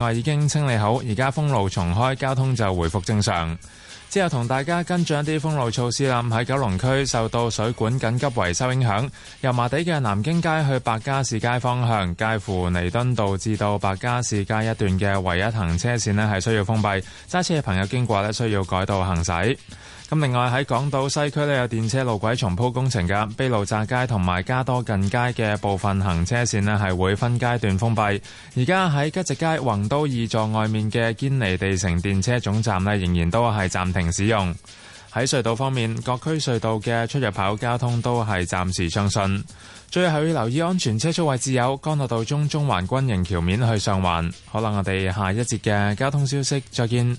話已經清理好，而家封路重開，交通就回復正常。之後同大家跟進一啲封路措施啦。喺九龍區受到水管緊急維修影響，油麻地嘅南京街去白加士街方向，介乎彌敦道至到白加士街一段嘅唯一行車線係係需要封閉，揸車嘅朋友經過需要改道行駛。咁另外喺港島西區呢，有電車路軌重鋪工程噶，卑路乍街同埋加多近街嘅部分行車線呢，係會分階段封閉。而家喺吉直街宏都二座外面嘅堅尼地城電車總站呢，仍然都係暫停使用。喺隧道方面，各區隧道嘅出入口交通都係暫時暢順。最後要留意安全車速位置有干諾道中中環軍營橋面去上環。可能我哋下一節嘅交通消息再見。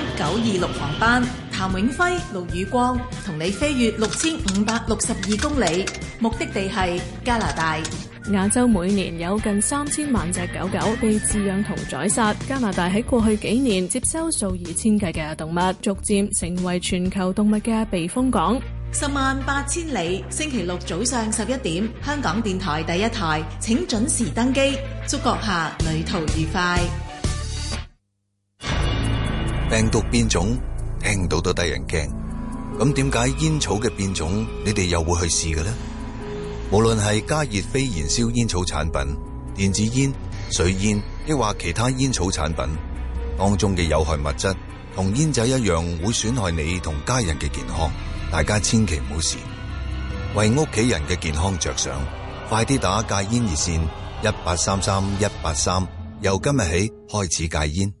九二六航班，譚永輝、盧宇光同你飛越六千五百六十二公里，目的地係加拿大。亞洲每年有近三千萬隻狗狗被飼養同宰殺，加拿大喺過去幾年接收數以千計嘅動物，逐漸成為全球動物嘅避風港。十萬八千里，星期六早上十一點，香港電台第一台，請準時登機，祝閣下旅途愉快。病毒變種聽到都得人驚，咁點解煙草嘅變種你哋又會去試嘅呢？無論係加熱非燃燒煙草產品、電子煙、水煙，抑或其他煙草產品當中嘅有害物質，同煙仔一樣會損害你同家人嘅健康。大家千祈唔好試，為屋企人嘅健康着想，快啲打戒煙熱線一八三三一八三，18 33, 18 3, 由今日起開始戒煙。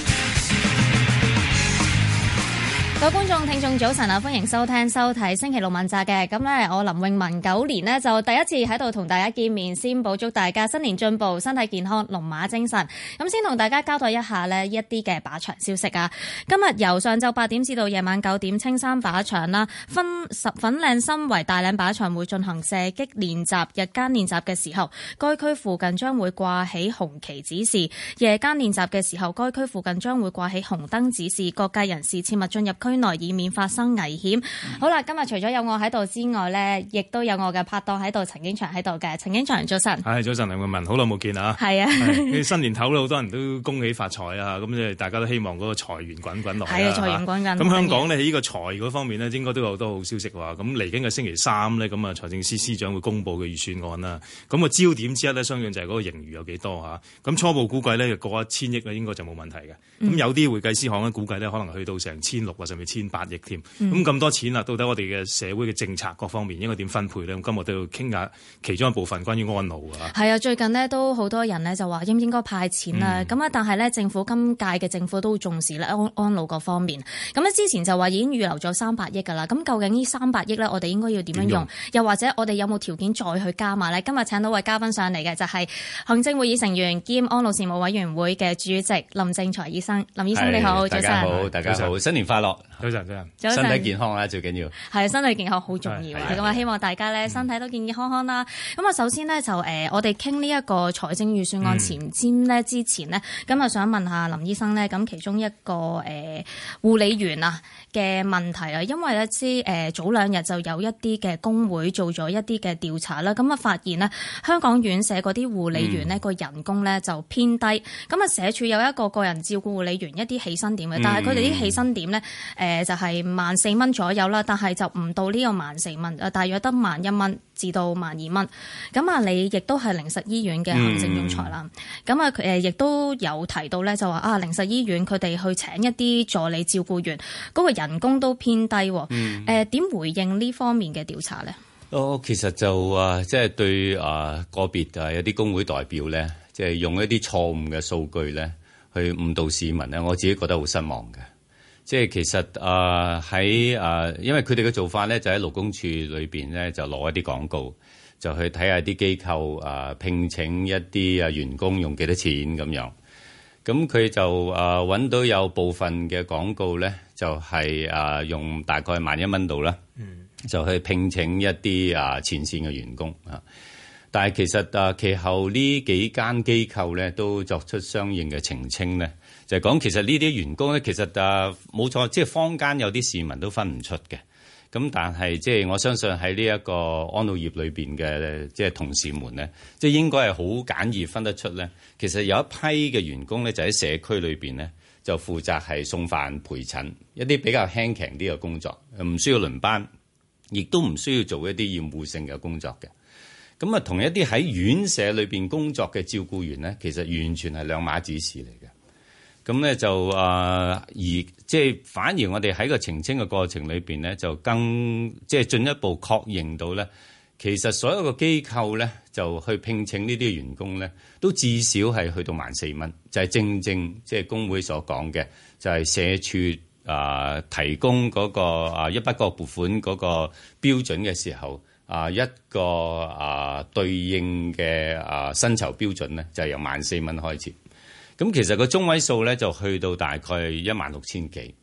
各位觀眾、聽眾，早晨啊！歡迎收聽、收睇星期六問責嘅。咁咧，我林詠雯九年呢，就第一次喺度同大家見面，先保祝大家新年進步、身體健康、龍馬精神。咁先同大家交代一下呢一啲嘅靶場消息啊。今日由上晝八點至到夜晚九點，青山靶場啦，分十粉嶺新圍大嶺靶場會進行射擊練習。日間練習嘅時候，該區附近將會掛起紅旗指示；夜間練習嘅時候，該區附近將會掛起紅燈指，指示。各界人士切勿進入區圈內以免發生危險。好啦，今日除咗有我喺度之外呢，亦都有我嘅拍檔喺度，陳景祥喺度嘅。陳景祥早晨，係早晨，林詠雯，好耐冇見啦，係是啊、哎！新年頭好多人都恭喜發財啊，咁即係大家都希望嗰個財源滾滾落。係啊，財源滾滾。咁、啊、香港呢，喺呢、嗯、個財嗰方面呢，應該都有好多好消息喎。咁嚟緊嘅星期三呢，咁啊財政司司長會公布嘅預算案啦。咁、嗰個焦點之一呢，相信就係嗰個盈餘有幾多吓。咁初步估計呢，過一千億咧，應該就冇問題嘅。咁有啲會計師行呢，估計呢，可能去到成千六啊千八億添，咁咁多錢啦，到底我哋嘅社會嘅政策各方面應該點分配呢？我今日都要傾下其中一部分關於安老啊。係啊，最近呢都好多人呢就話應唔應該派錢啊。咁啊、嗯，但係呢政府今屆嘅政府都重視咧安安老各方面。咁咧之前就話已經預留咗三百億㗎啦。咁究竟呢三百億呢，我哋應該要點樣用？用又或者我哋有冇條件再去加碼呢？今日請到位嘉賓上嚟嘅就係、是、行政會議成員兼安老事務委員會嘅主席林正財醫生。林醫生的你好，早晨。大家好，上大家好，新年快樂。早晨，早晨，早晨，身體健康啦，最緊要係身體健康，好重要咁啊！希望大家咧身體都健健康康啦。咁啊、嗯，首先咧就誒，我哋傾呢一個財政預算案前瞻咧、嗯、之前咧，咁啊，想問下林醫生咧，咁其中一個誒護理員啊。嘅問題啊，因為我知誒早兩日就有一啲嘅工會做咗一啲嘅調查啦，咁啊，發現呢，香港院舍嗰啲護理員呢個人工呢就偏低，咁啊社署有一個個人照顧護理員一啲起薪點嘅，但係佢哋啲起薪點呢，誒就係萬四蚊左右啦，但係就唔到呢個萬四蚊啊，大約得萬一蚊。至到萬二蚊咁啊。你亦都係靈實醫院嘅行政總裁啦。咁啊、嗯，佢亦都有提到咧，就話啊，靈實醫院佢哋去請一啲助理照顧員嗰、那個人工都偏低。誒點、嗯、回應呢方面嘅調查咧？哦，其實就啊，即、就、係、是、對啊個別啊有啲工會代表咧，即、就、係、是、用一啲錯誤嘅數據咧去誤導市民咧，我自己覺得好失望嘅。即係其實啊，喺啊，因為佢哋嘅做法咧，就喺勞工處裏邊咧，就攞一啲廣告，就去睇下啲機構啊，聘請一啲啊員工用幾多錢咁樣。咁佢就啊揾到有部分嘅廣告咧，就係啊用大概萬一蚊度啦，就去聘請一啲啊前線嘅員工啊。但係其實啊，其後呢幾間機構咧，都作出相應嘅澄清咧。就係講其實呢啲員工咧，其實啊冇錯，即係坊間有啲市民都分唔出嘅。咁但係即係我相信喺呢一個安老業裏邊嘅即係同事們咧，即係應該係好簡易分得出咧。其實有一批嘅員工咧，就喺社區裏邊咧，就負責係送飯、陪診一啲比較輕強啲嘅工作，唔需要輪班，亦都唔需要做一啲厭惡性嘅工作嘅。咁啊，同一啲喺院舍裏邊工作嘅照顧員咧，其實完全係兩碼子事嚟。咁咧就啊，而即係反而我哋喺個澄清嘅過程裏邊咧，就更即係進一步確認到咧，其實所有嘅機構咧就去聘請呢啲員工咧，都至少係去到萬四蚊，就係正正即係工會所講嘅，就係社署啊提供嗰個啊一筆個撥款嗰個標準嘅時候啊一個啊對應嘅啊薪酬標準咧，就係由萬四蚊開始。咁其實個中位數咧就去到大概一萬六千幾，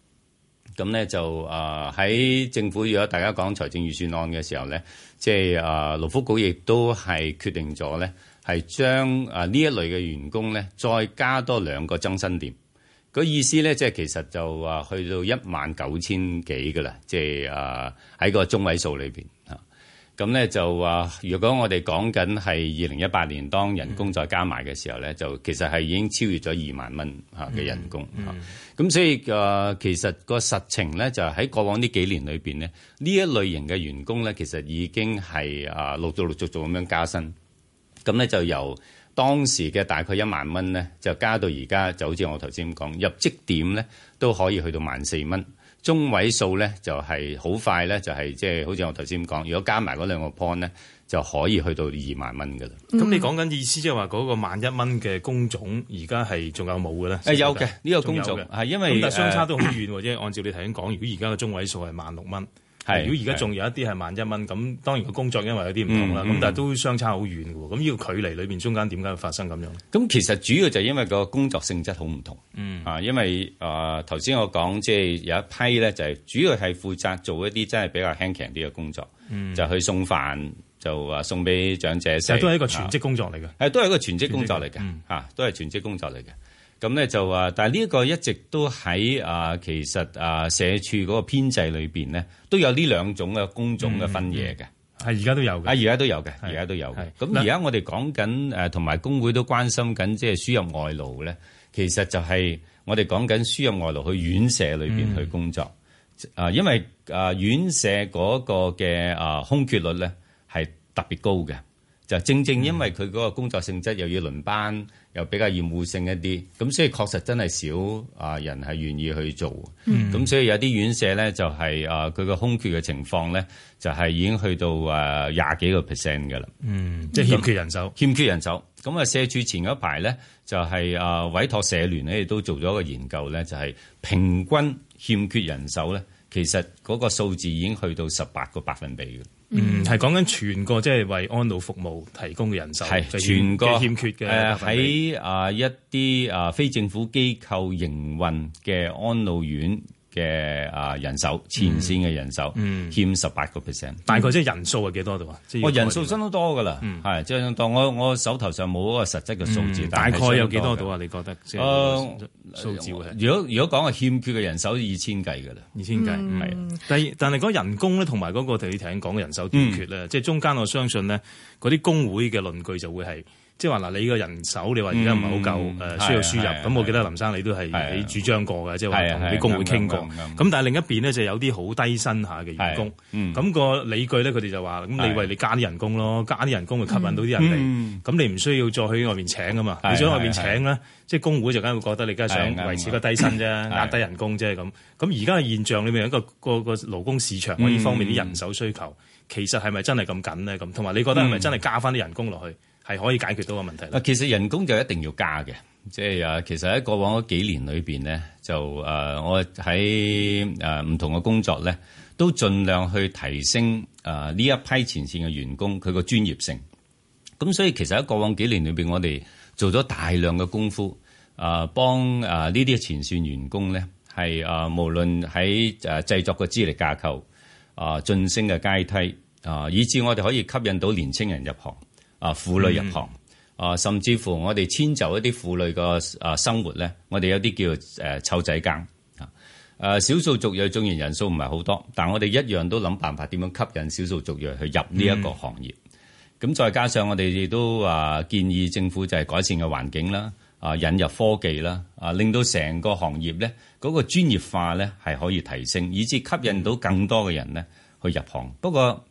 咁咧就啊喺、呃、政府如果大家講財政預算案嘅時候咧，即係啊勞福局亦都係決定咗咧，係將啊呢、呃、一類嘅員工咧再加多兩個增薪點。個意思咧即係其實就話去到一萬九千幾噶啦，即係啊喺個中位數裏邊嚇。咁咧就話，如果我哋講緊係二零一八年，當人工再加埋嘅時候咧，mm hmm. 就其實係已經超越咗二萬蚊嘅人工嚇。咁、mm hmm. 啊、所以、啊、其實個實情咧就喺過往呢幾年裏面咧，呢一類型嘅員工咧，其實已經係啊陸續陸續咁樣加薪。咁咧就由當時嘅大概一萬蚊咧，就加到而家，就好似我頭先咁講，入職點咧都可以去到萬四蚊。中位數咧就係、是就是就是就是、好快咧就係即係好似我頭先咁講，如果加埋嗰兩個 point 咧，就可以去到二萬蚊㗎啦。嗯。咁你講緊意思即係話嗰個萬一蚊嘅工種而家係仲有冇嘅咧？嗯、有嘅呢、呢個工種係因為咁，但相差都好遠喎。即係、呃、按照你頭先講，如果而家嘅中位數係萬六蚊。係，如果而家仲有一啲係萬一蚊，咁當然個工作因為有啲唔同啦，咁、嗯嗯、但係都相差好遠嘅喎。咁呢個距離裏面，中間點解會發生咁樣？咁其實主要就係因為個工作性質好唔同，啊、嗯，因為啊頭先我講即係有一批咧，就係主要係負責做一啲真係比較輕輕啲嘅工作，嗯、就去送飯，就話送俾長者食都係一個全職工作嚟嘅，係都係一個全職工作嚟嘅，嚇、嗯、都係全職工作嚟嘅。咁咧就話，但呢一個一直都喺啊，其實啊社署嗰個編制裏面咧，都有呢兩種嘅工種嘅分野嘅。係而家都有嘅。啊，而家都有嘅，而家是都有嘅。咁而家我哋講緊誒同埋工會都關心緊，即係輸入外勞咧。其實就係我哋講緊輸入外勞去院舍裏面、嗯、去工作啊，因為啊院舍嗰個嘅啊空缺率咧係特別高嘅。就正正因為佢嗰個工作性質又要輪班，又比較厭惡性一啲，咁所以確實真係少啊人係願意去做。嗯，咁所以有啲院舍咧就係啊佢個空缺嘅情況咧就係已經去到誒廿幾個 percent 嘅啦。嗯，即係欠缺人手，欠缺人手。咁啊社署前一排咧就係啊委託社聯咧亦都做咗一個研究咧，就係平均欠缺人手咧。其實嗰個數字已經去到十八個百分比嘅，嗯，係講緊全個，即係為安老服務提供嘅人手係全個欠缺嘅，誒喺啊一啲啊、呃、非政府機構營運嘅安老院。嘅啊，嘅人手前線嘅人手欠十八個 percent，大概數、嗯、即係人數係幾多度啊、嗯？我人數真都多噶啦，係即係當我我手頭上冇嗰個實質嘅數字，嗯、大概有幾多度啊？你覺得？即呃，數、呃、字如果如果講係欠缺嘅人手二千計噶啦，二千計唔係。但係嗰人工咧，同埋嗰個，你頭先講嘅人手短缺咧，嗯、即係中間我相信咧，嗰啲工會嘅論據就會係。即係話嗱，你個人手你話而家唔係好夠，誒需要輸入。咁我記得林生你都係你主張過嘅，即係話同啲工會傾過。咁但係另一邊咧就有啲好低薪下嘅員工。咁個理據咧佢哋就話，咁你為你加啲人工咯，加啲人工會吸引到啲人嚟。咁你唔需要再去外面請啊嘛？你想外面請咧，即係工會就梗係會覺得你梗係想維持個低薪啫，壓低人工啫咁。咁而家嘅現象裏面一個個個勞工市場喎，呢方面啲人手需求，其實係咪真係咁緊咧？咁同埋你覺得係咪真係加翻啲人工落去？係可以解決到個問題。啊，其實人工就一定要加嘅，即係啊，其實喺過往嗰幾年裏邊咧，就誒我喺誒唔同嘅工作咧，都盡量去提升誒呢一批前線嘅員工佢個專業性。咁所以其實喺過往幾年裏邊，我哋做咗大量嘅功夫，啊，幫誒呢啲前線員工咧，係誒無論喺誒製作嘅資歷架構，啊，晉升嘅階梯，啊，以至我哋可以吸引到年青人入行。啊，婦女入行、嗯、啊，甚至乎我哋遷就一啲婦女嘅啊生活咧，我哋有啲叫誒湊仔更啊，誒少數族裔縱然人數唔係好多，但我哋一樣都諗辦法點樣吸引少數族裔去入呢一個行業。咁、嗯、再加上我哋亦都話、啊、建議政府就係改善嘅環境啦，啊引入科技啦，啊令到成個行業咧嗰、那個專業化咧係可以提升，以至吸引到更多嘅人咧去入行。不過，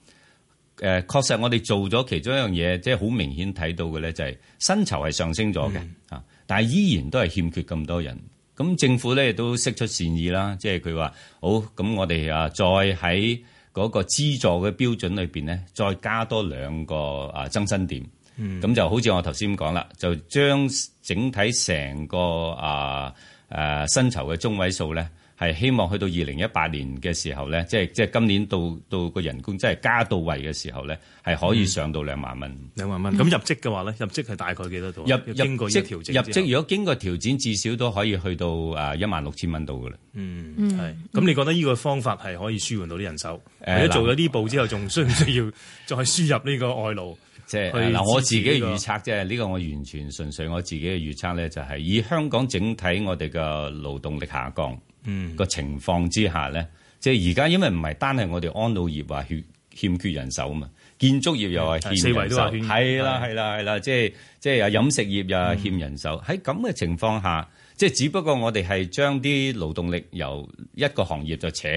誒、呃，確實我哋做咗其中一樣嘢，即係好明顯睇到嘅咧，就是，就係薪酬係上升咗嘅，嗯、但係依然都係欠缺咁多人。咁政府咧亦都釋出善意啦，即係佢話好，咁我哋啊再喺嗰個資助嘅標準裏面咧，再加多兩個啊增薪點。咁、嗯、就好似我頭先咁講啦，就將整體成個啊誒薪酬嘅中位數咧。係希望去到二零一八年嘅時候咧，即係即係今年到到個人工即係加到位嘅時候咧，係可以上到兩萬蚊。兩萬蚊咁入職嘅話咧，入職係大概幾多度？入、這個、入職職入職如果經過調整，至少都可以去到啊一萬六千蚊度嘅啦。嗯嗯，咁、嗯、你覺得呢個方法係可以舒緩到啲人手？誒、呃，做咗呢步之後，仲需唔需要再輸入呢個外勞、這個？即係嗱，我自己嘅預測啫，呢、這個我完全純粹我自己嘅預測咧，就係以香港整體我哋嘅勞動力下降。嗯，個情況之下咧，即係而家，因為唔係單係我哋安老業話欠欠缺人手嘛，建築業又係欠人手，係啦係啦係啦，即係即係飲食業又係欠人手。喺咁嘅情況下，即係只不過我哋係將啲勞動力由一個行業就扯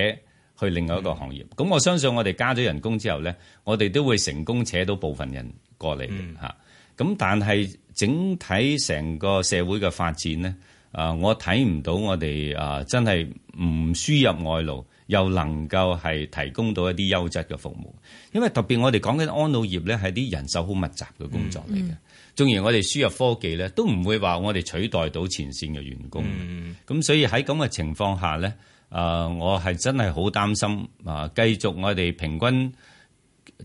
去另外一個行業。咁、嗯、我相信我哋加咗人工之後咧，我哋都會成功扯到部分人過嚟嘅吓。咁但係整體成個社會嘅發展咧。啊！我睇唔到我哋啊，真係唔輸入外勞，又能夠係提供到一啲優質嘅服務。因為特別我哋講緊安老業咧，係啲人手好密集嘅工作嚟嘅。縱然、嗯嗯、我哋輸入科技咧，都唔會話我哋取代到前線嘅員工。咁、嗯、所以喺咁嘅情況下咧，啊，我係真係好擔心啊！繼續我哋平均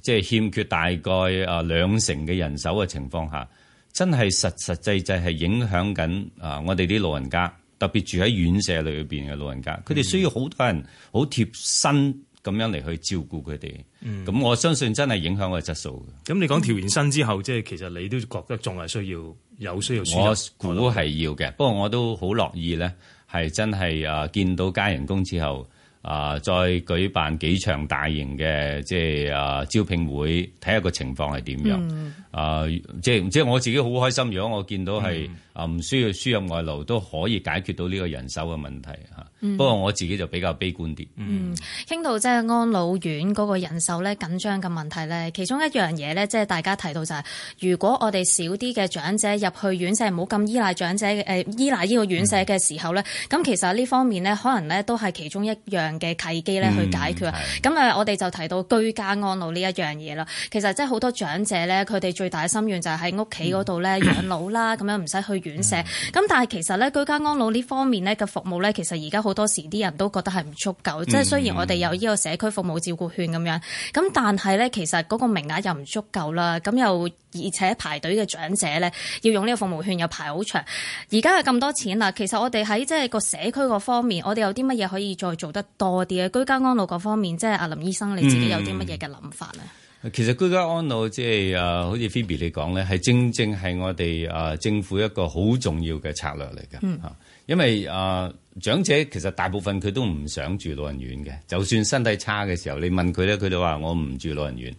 即係、就是、欠缺大概啊兩成嘅人手嘅情況下。真係實實際際係影響緊啊！我哋啲老人家，特別住喺院舍裏面嘅老人家，佢哋需要好多人好貼身咁樣嚟去照顧佢哋。嗯，咁我相信真係影響我嘅質素。咁、嗯嗯、你講調完薪之後，即係其實你都覺得仲係需要有需要輸入。我估係要嘅，不過我都好樂意咧，係真係啊見到加人工之後。啊！再舉辦幾場大型嘅即係啊招聘會，睇下個情況係點樣啊！即係即係我自己好開心，如果我見到係啊唔需要輸入外勞都可以解決到呢個人手嘅問題嚇。嗯、不過我自己就比較悲觀啲。嗯，傾到即係安老院嗰個人手咧緊張嘅問題咧，其中一樣嘢咧，即係大家提到就係、是、如果我哋少啲嘅長者入去院舍，唔好咁依賴長者嘅、呃、依賴呢個院舍嘅時候咧，咁、嗯、其實呢方面咧，可能咧都係其中一樣。嘅契機咧去解決，咁、嗯、我哋就提到居家安老呢一樣嘢啦。其實即係好多長者咧，佢哋最大嘅心願就係喺屋企嗰度咧養老啦，咁、嗯、樣唔使去院舍。咁、嗯、但係其實咧居家安老呢方面咧嘅服務咧，其實而家好多時啲人都覺得係唔足夠。即係、嗯、雖然我哋有呢個社區服務照顧券咁樣，咁、嗯、但係咧其實嗰個名額又唔足夠啦。咁又而且排隊嘅長者咧要用呢個服務券又排好長。而家有咁多錢啦，其實我哋喺即係個社區個方面，我哋有啲乜嘢可以再做得多？多啲嘅居家安老嗰方面，即係阿林醫生你自己有啲乜嘢嘅諗法咧、嗯？其實居家安老即係誒，好似 Phoebe 你講咧，係正正係我哋誒、啊、政府一個好重要嘅策略嚟嘅吓，嗯、因為誒、啊、長者其實大部分佢都唔想住老人院嘅，就算身體差嘅時候，你問佢咧，佢就話我唔住老人院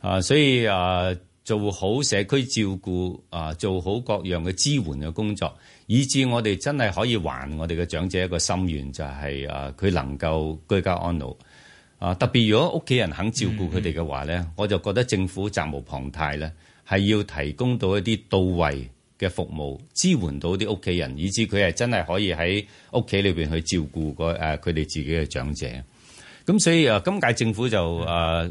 啊，所以誒、啊、做好社區照顧啊，做好各樣嘅支援嘅工作。以致我哋真係可以還我哋嘅長者一個心願，就係啊佢能夠居家安老啊。特別如果屋企人肯照顧佢哋嘅話咧，嗯嗯，我就覺得政府責無旁貸咧，係要提供到一啲到位嘅服務，支援到啲屋企人，以致佢係真係可以喺屋企裏面去照顧佢哋自己嘅長者。咁所以啊，今屆政府就啊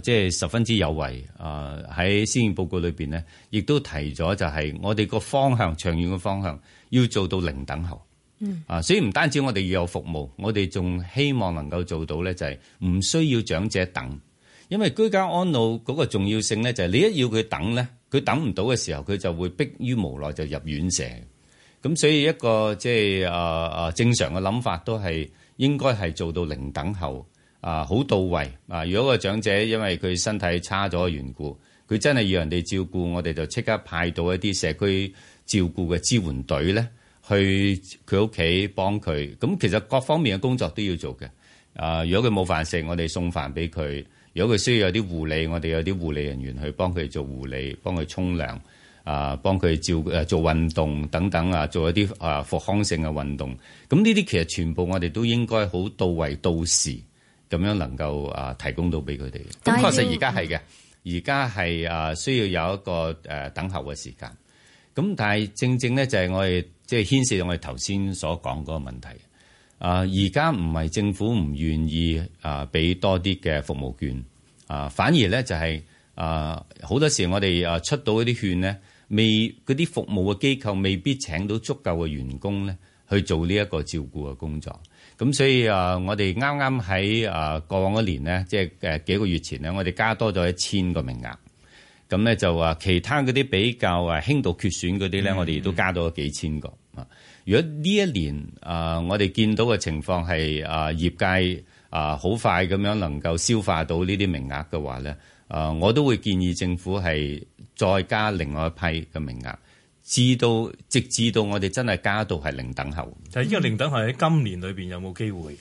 即係十分之有為啊！喺、呃、施政報告裏面咧，亦都提咗就係、是、我哋個方向、長遠嘅方向。要做到零等候，嗯、啊，所以唔單止我哋要有服務，我哋仲希望能夠做到咧，就係、是、唔需要長者等，因為居家安老嗰個重要性咧，就係、是、你一要佢等咧，佢等唔到嘅時候，佢就會迫於無奈就入院舍。咁所以一個即係啊啊正常嘅諗法都係應該係做到零等候，啊、呃，好到位。啊，如果個長者因為佢身體差咗嘅緣故，佢真係要人哋照顧，我哋就即刻派到一啲社區。照顧嘅支援隊咧，去佢屋企幫佢。咁其實各方面嘅工作都要做嘅。啊，如果佢冇飯食，我哋送飯俾佢；如果佢需要有啲護理，我哋有啲護理人員去幫佢做護理，幫佢沖涼，啊，幫佢照誒做運動等等啊，做一啲啊復康性嘅運動。咁呢啲其實全部我哋都應該好到位，到時咁樣能夠啊提供到俾佢哋。咁確實而家係嘅，而家係啊需要有一個誒等候嘅時間。咁但係正正咧，就係我哋即係牽涉到我哋頭先所講嗰個問題。啊，而家唔係政府唔願意啊俾多啲嘅服務券啊，反而咧就係啊好多時我哋啊出到嗰啲券咧，未嗰啲服務嘅機構未必請到足夠嘅員工咧去做呢一個照顧嘅工作。咁所以啊，我哋啱啱喺啊過往一年咧，即係誒幾個月前咧，我哋加多咗一千個名額。咁咧就話其他嗰啲比較誒輕度缺損嗰啲咧，我哋都加到幾千個。如果呢一年誒，我哋見到嘅情況係誒業界誒好快咁樣能夠消化到呢啲名額嘅話咧誒，我都會建議政府係再加另外一批嘅名額，至到直至到我哋真係加到係零等候。就係呢個零等候喺今年裏邊有冇機會？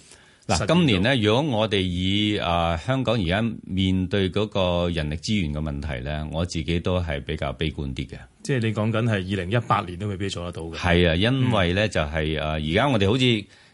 嗱，今年咧，如果我哋以、呃、香港而家面對嗰個人力資源嘅問題咧，我自己都係比較悲觀啲嘅。即係你講緊係二零一八年都未必做得到嘅。係啊，因為咧就係誒而家我哋好似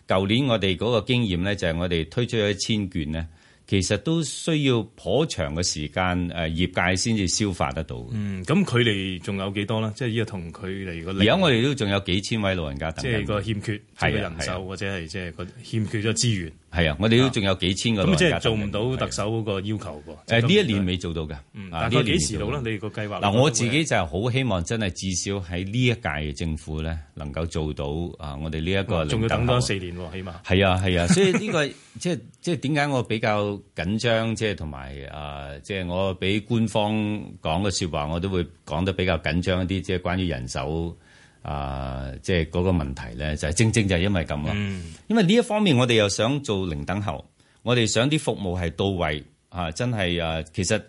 舊年我哋嗰個經驗咧，就係、是、我哋推出咗一千券咧，其實都需要頗長嘅時間誒、呃、業界先至消化得到。嗯，咁佢哋仲有幾多呢？即係呢個同佢哋而家我哋都仲有幾千位老人家，即係個欠缺即係人手、啊啊、或者係即係個欠缺咗資源。係啊，我哋都仲有幾千個咁即係做唔到特首嗰個要求喎。就係呢一年未做到㗎，嗯，大概幾時到啦？你個計劃嗱，我自己就係好希望真係至少喺呢一屆嘅政府咧，能夠做到啊！我哋呢一個仲要等多四年喎，起碼係啊係啊，所以呢個即係即係點解我比較緊張？即係同埋啊，即係我俾官方講嘅說話，我都會講得比較緊張一啲，即係關於人手。啊，即係嗰個問題咧，就係、是、正正就係因為咁咯。嗯、因為呢一方面，我哋又想做零等候，我哋想啲服務係到位啊，真係啊，其實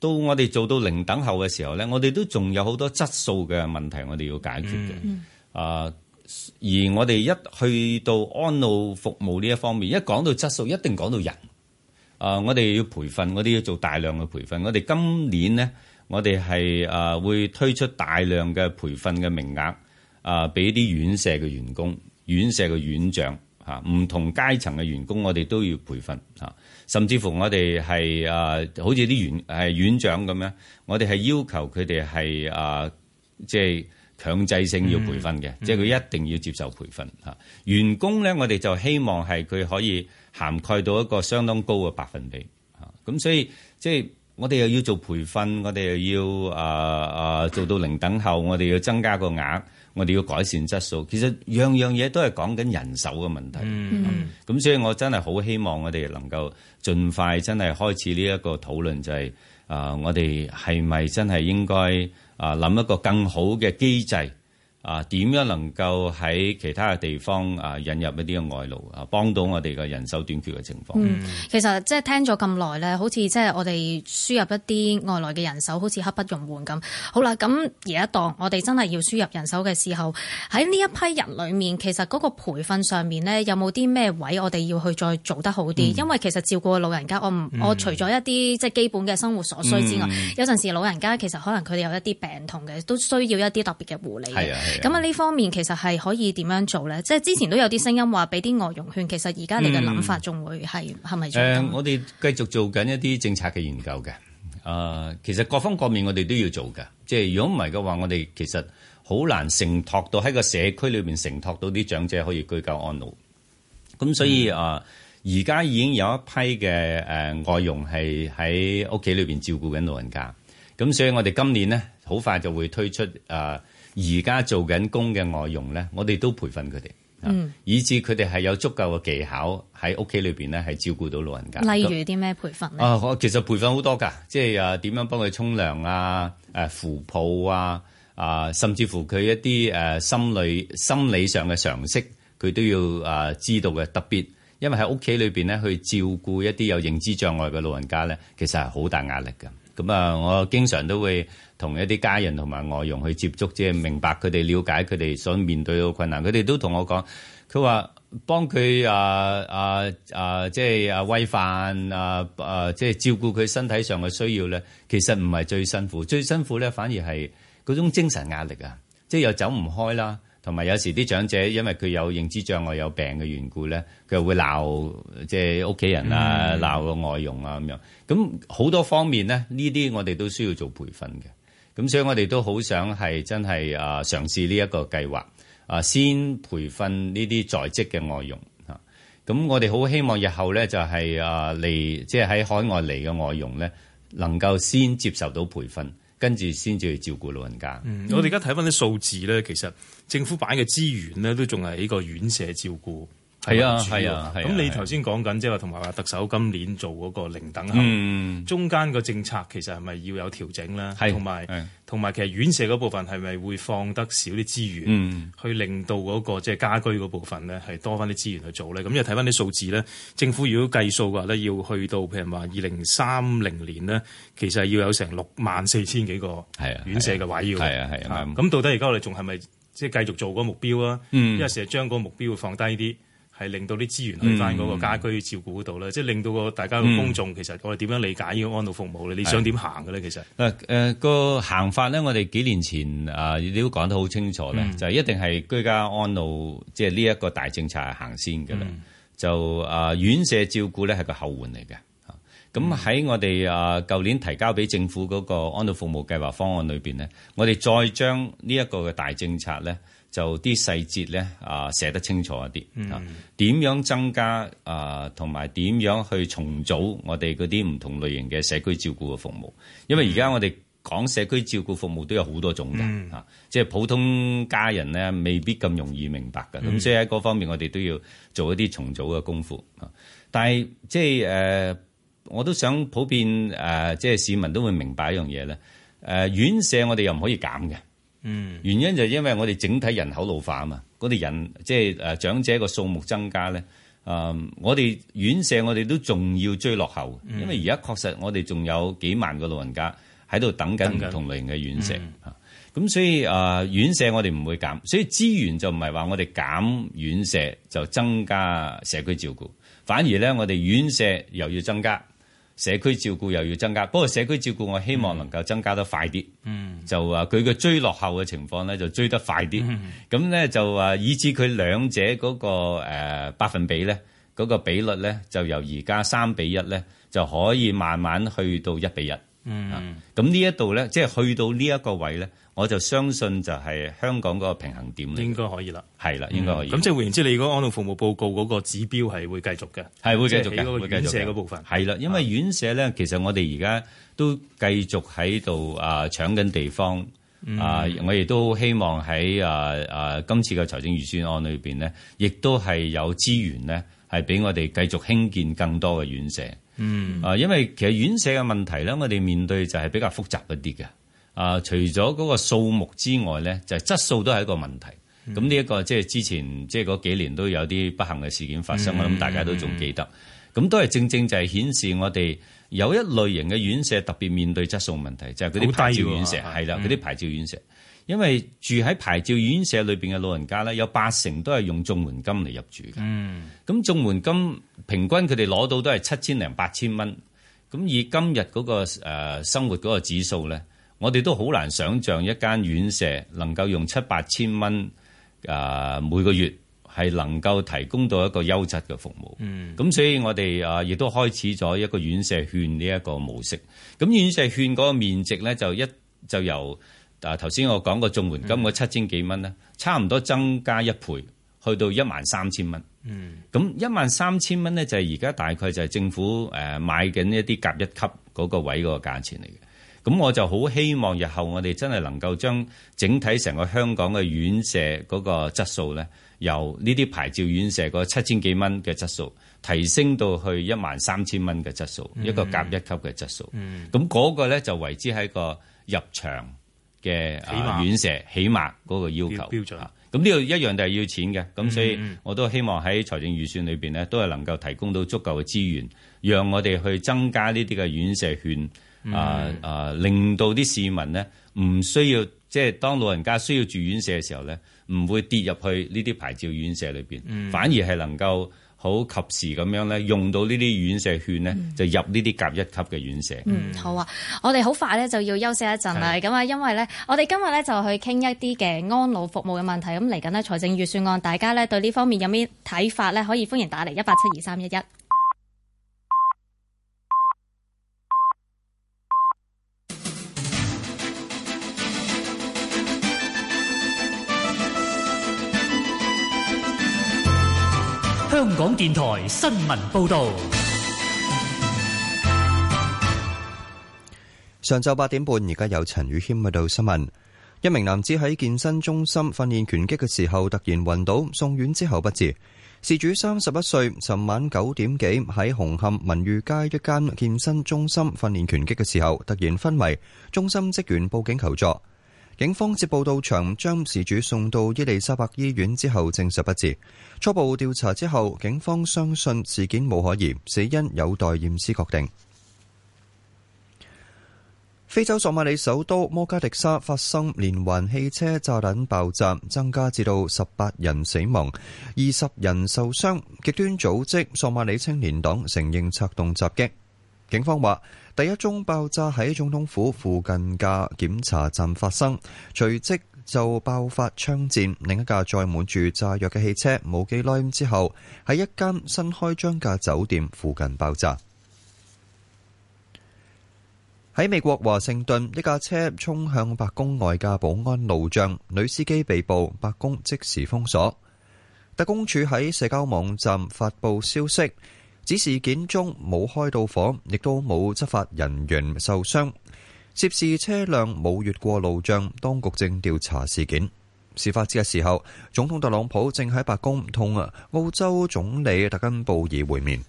到我哋做到零等候嘅時候咧，我哋都仲有好多質素嘅問題，我哋要解決嘅。嗯、啊，而我哋一去到安老服務呢一方面，一講到質素，一定講到人。啊，我哋要培訓，我哋要做大量嘅培訓。我哋今年咧。我哋係啊，會推出大量嘅培訓嘅名額啊，俾啲院舍嘅員工、院舍嘅院長嚇，唔同階層嘅員工，我哋都要培訓嚇。甚至乎我哋係啊，好似啲院係院長咁樣，我哋係要求佢哋係啊，即係強制性要培訓嘅，即係佢一定要接受培訓嚇。員工咧，我哋就希望係佢可以涵蓋到一個相當高嘅百分比嚇。咁所以即係。我哋又要做培訓，我哋又要啊啊、呃呃、做到零等候，我哋要增加個額，我哋要改善質素。其實樣樣嘢都係講緊人手嘅問題。咁、嗯嗯、所以，我真係好希望我哋能夠盡快真係開始呢一個討論、就係，就係啊，我哋係咪真係應該啊諗一個更好嘅機制？啊，點樣能夠喺其他嘅地方啊引入一啲嘅外勞啊，幫到我哋嘅人手短缺嘅情況？嗯，其實即係聽咗咁耐咧，好似即係我哋輸入一啲外來嘅人手，好似刻不容緩咁。好啦，咁而家當我哋真係要輸入人手嘅時候，喺呢一批人裏面，其實嗰個培訓上面呢，有冇啲咩位我哋要去再做得好啲？嗯、因為其實照顧老人家，我唔，嗯、我除咗一啲即係基本嘅生活所需之外，嗯、有陣時老人家其實可能佢哋有一啲病痛嘅，都需要一啲特別嘅護理。係啊。咁啊！呢方面其實係可以點樣做咧？即係之前都有啲聲音話俾啲外傭券，其實而家你嘅諗法仲會係係咪？誒、嗯呃，我哋繼續做緊一啲政策嘅研究嘅、呃。其實各方各面我哋都要做嘅。即係如果唔係嘅話，我哋其實好難承托到喺個社區裏面承托到啲長者可以居家安老。咁所以啊，而家、嗯呃、已經有一批嘅、呃、外傭係喺屋企裏面照顧緊老人家。咁所以，我哋今年呢，好快就會推出、呃而家做緊工嘅外傭咧，我哋都培訓佢哋，嗯、以致佢哋係有足夠嘅技巧喺屋企裏邊咧，係照顧到老人家。例如啲咩培訓咧？啊，其實培訓好多㗎，即係啊點樣幫佢沖涼啊？誒扶抱啊？啊，啊，啊甚至乎佢一啲誒、啊、心理心理上嘅常識，佢都要啊知道嘅。特別因為喺屋企裏邊咧，去照顧一啲有認知障礙嘅老人家咧，其實係好大壓力㗎。咁啊，我經常都會，同一啲家人同埋外傭去接觸，即係明白佢哋，了解佢哋所面對嘅困難，佢哋都同我講，佢話幫佢啊啊啊，即係啊喂飯啊啊，即係照顧佢身體上嘅需要咧，其實唔係最辛苦，最辛苦咧反而係嗰種精神壓力啊！即係又走唔開啦，同埋有，有時啲長者因為佢有認知障礙有病嘅緣故咧，佢又會鬧，即係屋企人啊，鬧個外傭啊咁樣，咁好多方面咧，呢啲我哋都需要做培訓嘅。咁所以我哋都好想係真係啊嘗試呢一個計劃啊，先培訓呢啲在職嘅外傭吓。咁我哋好希望日後咧就係啊嚟，即係喺海外嚟嘅外傭咧，能夠先接受到培訓，跟住先至去照顧老人家。嗯，我哋而家睇返啲數字咧，其實政府擺嘅資源咧都仲係喺個院舍照顧。係啊，係啊，咁你頭先講緊即係話同埋話特首今年做嗰個零等候，中間個政策其實係咪要有調整啦？同埋同埋其實院舍嗰部分係咪會放得少啲資源去令到嗰個即係家居嗰部分咧係多翻啲資源去做咧？咁因為睇翻啲數字咧，政府如果計數嘅話咧，要去到譬如話二零三零年咧，其實係要有成六萬四千幾個院舍嘅位要。係啊，係啊，咁到底而家我哋仲係咪即係繼續做嗰個目標啊？因為成日將嗰個目標會放低啲。係令到啲資源去翻嗰個家居照顧嗰度咧，即係、嗯、令到個大家個公眾、嗯、其實我哋點樣理解呢個安老服務咧？嗯、你想點行嘅咧？其實誒誒、呃嗰個行法咧，我哋幾年前啊，你都講得好清楚咧，嗯、就一定係居家安老，即係呢一個大政策係行先嘅啦。嗯、就啊，院舍照顧咧係個後援嚟嘅。咁喺、嗯、我哋啊舊年提交俾政府嗰個安老服務計劃方案裏面咧，我哋再將呢一個嘅大政策咧。就啲細節咧，啊寫得清楚一啲，點、嗯啊、樣增加啊，同埋點樣去重組我哋嗰啲唔同類型嘅社區照顧嘅服務，因為而家我哋講社區照顧服務都有好多種嘅，吓、嗯啊、即係普通家人咧未必咁容易明白嘅。咁、嗯、所以喺嗰方面我哋都要做一啲重組嘅功夫。啊、但係即係誒、呃、我都想普遍誒、呃、即係市民都會明白一樣嘢咧。誒、呃、院舍我哋又唔可以減嘅。嗯，原因就因為我哋整體人口老化啊嘛，嗰啲人即係誒長者個數目增加咧，啊，我哋院舍我哋都仲要追落後，因為而家確實我哋仲有幾萬個老人家喺度等緊唔同類型嘅院舍吓，咁、嗯、所以啊院舍我哋唔會減，所以資源就唔係話我哋減院舍就增加社區照顧，反而咧我哋院舍又要增加。社區照顧又要增加，不過社區照顧我希望能夠增加得快啲，嗯、就話佢嘅追落後嘅情況咧，就追得快啲。咁咧、嗯、就話以至佢兩者嗰、嗰個、呃、百分比咧，嗰、嗰個比率咧，就由而家三比一咧，就可以慢慢去到一比一、嗯。咁、啊、呢一度咧，即、就、係、係、去到呢一個位咧。我就相信就係香港嗰個平衡點嚟，應該可以啦、嗯，係啦的，應該可以。咁即係換言之，你嗰個安老服務報告嗰個指標係會繼續嘅，係會繼續嘅，會繼續嘅部分。係啦，因為院舍咧，其實我哋而家都繼續喺度啊搶緊地方、嗯、啊，我亦都希望喺啊啊今次嘅財政預算案裏邊呢，亦都係有資源呢，係俾我哋繼續興建更多嘅院舍。嗯啊，因為其實院舍嘅問題咧，我哋面對就係比較複雜一啲嘅。啊！除咗嗰個數目之外咧，就係、質素都係一個問題。咁呢一個即係之前即係嗰幾年都有啲不幸嘅事件發生，嗯、我諗大家都仲記得。咁、嗯、都係正正就係顯示我哋有一類型嘅院舍特別面對質素問題，就係嗰啲牌照院舍係啦，嗰啲牌照院舍，因為住喺牌照院舍裏邊嘅老人家咧，有八成都係用綜援金嚟入住嘅。嗯，咁綜援金平均佢哋攞到都係七千零八千蚊。咁以今日嗰、嗰個、呃、生活嗰個指數咧。我哋都好難想象一間院舍能夠用七八千蚊，誒每個月係能夠提供到一個優質嘅服務。嗯，咁所以我哋啊亦都開始咗一個院舍券呢一個模式。咁院舍券嗰個面值咧，就一就由誒頭先我講個綜援金個七千幾蚊咧，差唔多增加一倍，去到一萬三千蚊。嗯，咁一萬三千蚊咧就係而家大概就係政府誒買緊一啲甲一級嗰個位嗰個價錢嚟嘅。咁我就好希望日後我哋真係能夠將整體成個香港嘅院舍嗰個質素咧，由呢啲牌照院舍嗰七千幾蚊嘅質素，提升到去一萬三千蚊嘅質素，一個甲一級嘅質素。嗯。咁嗰個咧就為之喺個入場嘅起碼、啊、院舍起碼嗰個要求標準。咁呢度一樣就係要錢嘅，咁所以我都希望喺財政預算裏邊咧，都係能夠提供到足夠嘅資源，讓我哋去增加呢啲嘅院舍券。嗯、啊啊！令到啲市民呢，唔需要，即係當老人家需要住院舍嘅時候呢，唔會跌入去呢啲牌照院舍裏邊，嗯、反而係能夠好及時咁樣呢，用到呢啲院舍券呢，就入呢啲甲一級嘅院舍。嗯，好啊！我哋好快呢就要休息一陣啦，咁啊是，因為呢，我哋今日呢就去傾一啲嘅安老服務嘅問題，咁嚟緊呢，財政預算案，大家呢對呢方面有咩睇法呢？可以歡迎打嚟一八七二三一一。香港電台新聞報道：上晝八點半，而家有陳宇謙喺度。新聞：一名男子喺健身中心訓練拳擊嘅時候，突然暈倒，送院之後不治。事主三十一歲，尋晚九點幾喺紅磡民裕街一間健身中心訓練拳擊嘅時候，突然昏迷。中心職員報警求助。警方接報到場，將事主送到伊利沙伯醫院之後證實不治。初步調查之後，警方相信事件無可疑，死因有待驗屍確定。非洲索馬里首都摩加迪沙發生連環汽車炸彈爆炸，增加至到十八人死亡，二十人受傷。極端組織索馬里青年黨承認策動襲擊。警方話。第一宗爆炸喺總統府附近嘅檢查站發生，隨即就爆發槍戰。另一架載滿住炸藥嘅汽車冇幾耐之後喺一間新開張嘅酒店附近爆炸。喺美國華盛頓，一架車衝向白宮外嘅保安路障，女司機被捕，白宮即時封鎖。特工處喺社交網站發布消息，指事件中冇開到火，亦都冇執法人員受傷，涉事車輛冇越過路障，當局正調查事件。事發之日時候，總統特朗普正喺白宮同啊澳洲總理特恩布爾會面。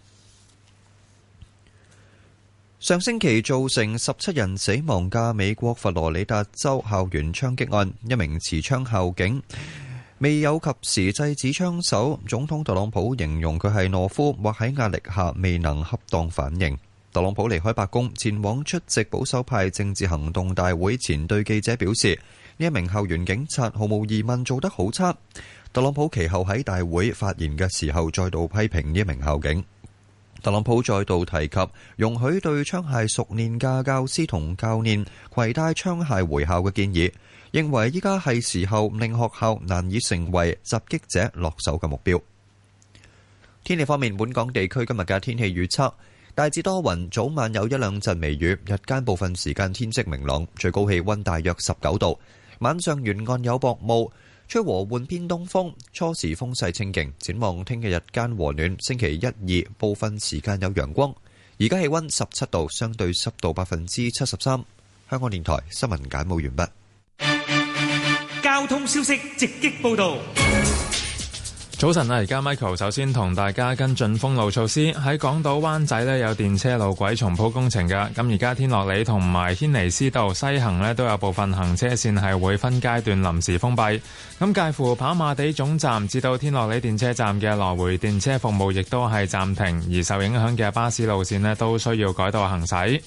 上星期造成十七人死亡嘅美國佛羅里達州校園槍擊案，一名持槍校警，未有及時制止槍手，總統特朗普形容佢係懦夫，或喺壓力下未能恰當反應。特朗普離開白宮前往出席保守派政治行動大會前，對記者表示：呢一名校園警察毫無疑問做得好差。特朗普其後喺大會發言嘅時候，再度批評呢一名校警。特朗普再度提及容許對槍械熟練嘅教、教師同教練携帶槍械回校嘅建議，認為依家係時候令學校難以成為襲擊者落手嘅目標。天氣方面，本港地區今日嘅天氣預測大致多雲，早晚有一兩陣微雨，日間部分時間天色明朗，最高氣温大約十九度，晚上沿岸有薄霧。吹和緩偏東風，初時風勢清勁，展望聽日日間和暖，星期一、二部分時間有陽光。而家氣温十七度，相對濕度百分之七十三。香港電台新聞簡報完畢。交通消息直擊報道。早晨啊！而家 Michael 首先同大家跟進封路措施。喺港島灣仔咧，有電車路軌重鋪工程嘅。咁而家天樂里同埋軒尼詩道西行呢都有部分行車線係會分階段臨時封閉。咁介乎跑馬地總站至到天樂里電車站嘅來回電車服務亦都係暫停，而受影響嘅巴士路線呢都需要改道行駛。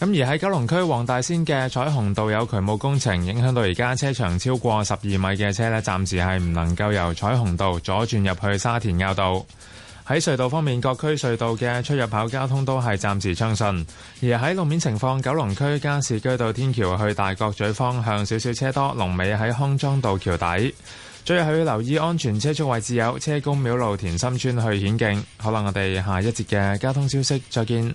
咁而喺九龍區黃大仙嘅彩虹道有渠務工程，影響到而家車長超過十二米嘅車呢，暫時係唔能夠由彩虹道左轉入去沙田坳道。喺隧道方面，各區隧道嘅出入口交通都係暫時暢順。而喺路面情況，九龍區加士居道天橋去大角咀方向少少車多，龍尾喺康莊道橋底。最後要留意安全車速位置，有車公廟路田心村去顯徑。可能我哋下一節嘅交通消息，再見。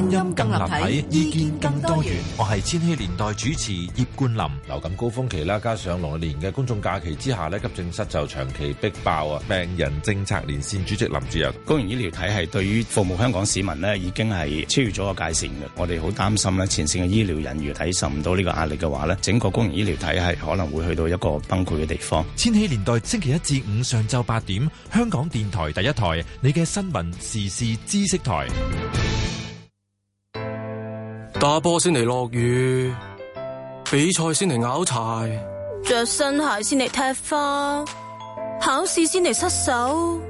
聲音更立體，意見更多元。多元。我係千禧年代主持葉冠霖。流感高峰期啦，加上農曆年嘅公眾假期之下，急症室就長期逼爆啊！病人政策連線主席林志釉，公營醫療體系對於服務香港市民呢已經係超越咗個界限嘅。我哋好擔心呢，前線嘅醫療人員承受唔到呢個壓力嘅話呢，整個公營醫療體系可能會去到一個崩潰嘅地方。千禧年代星期一至五上晝八點，香港電台第一台，你嘅新聞時事知識台。打波先嚟落雨，比賽先嚟拗柴，着新鞋先嚟踢花，考試先嚟失手，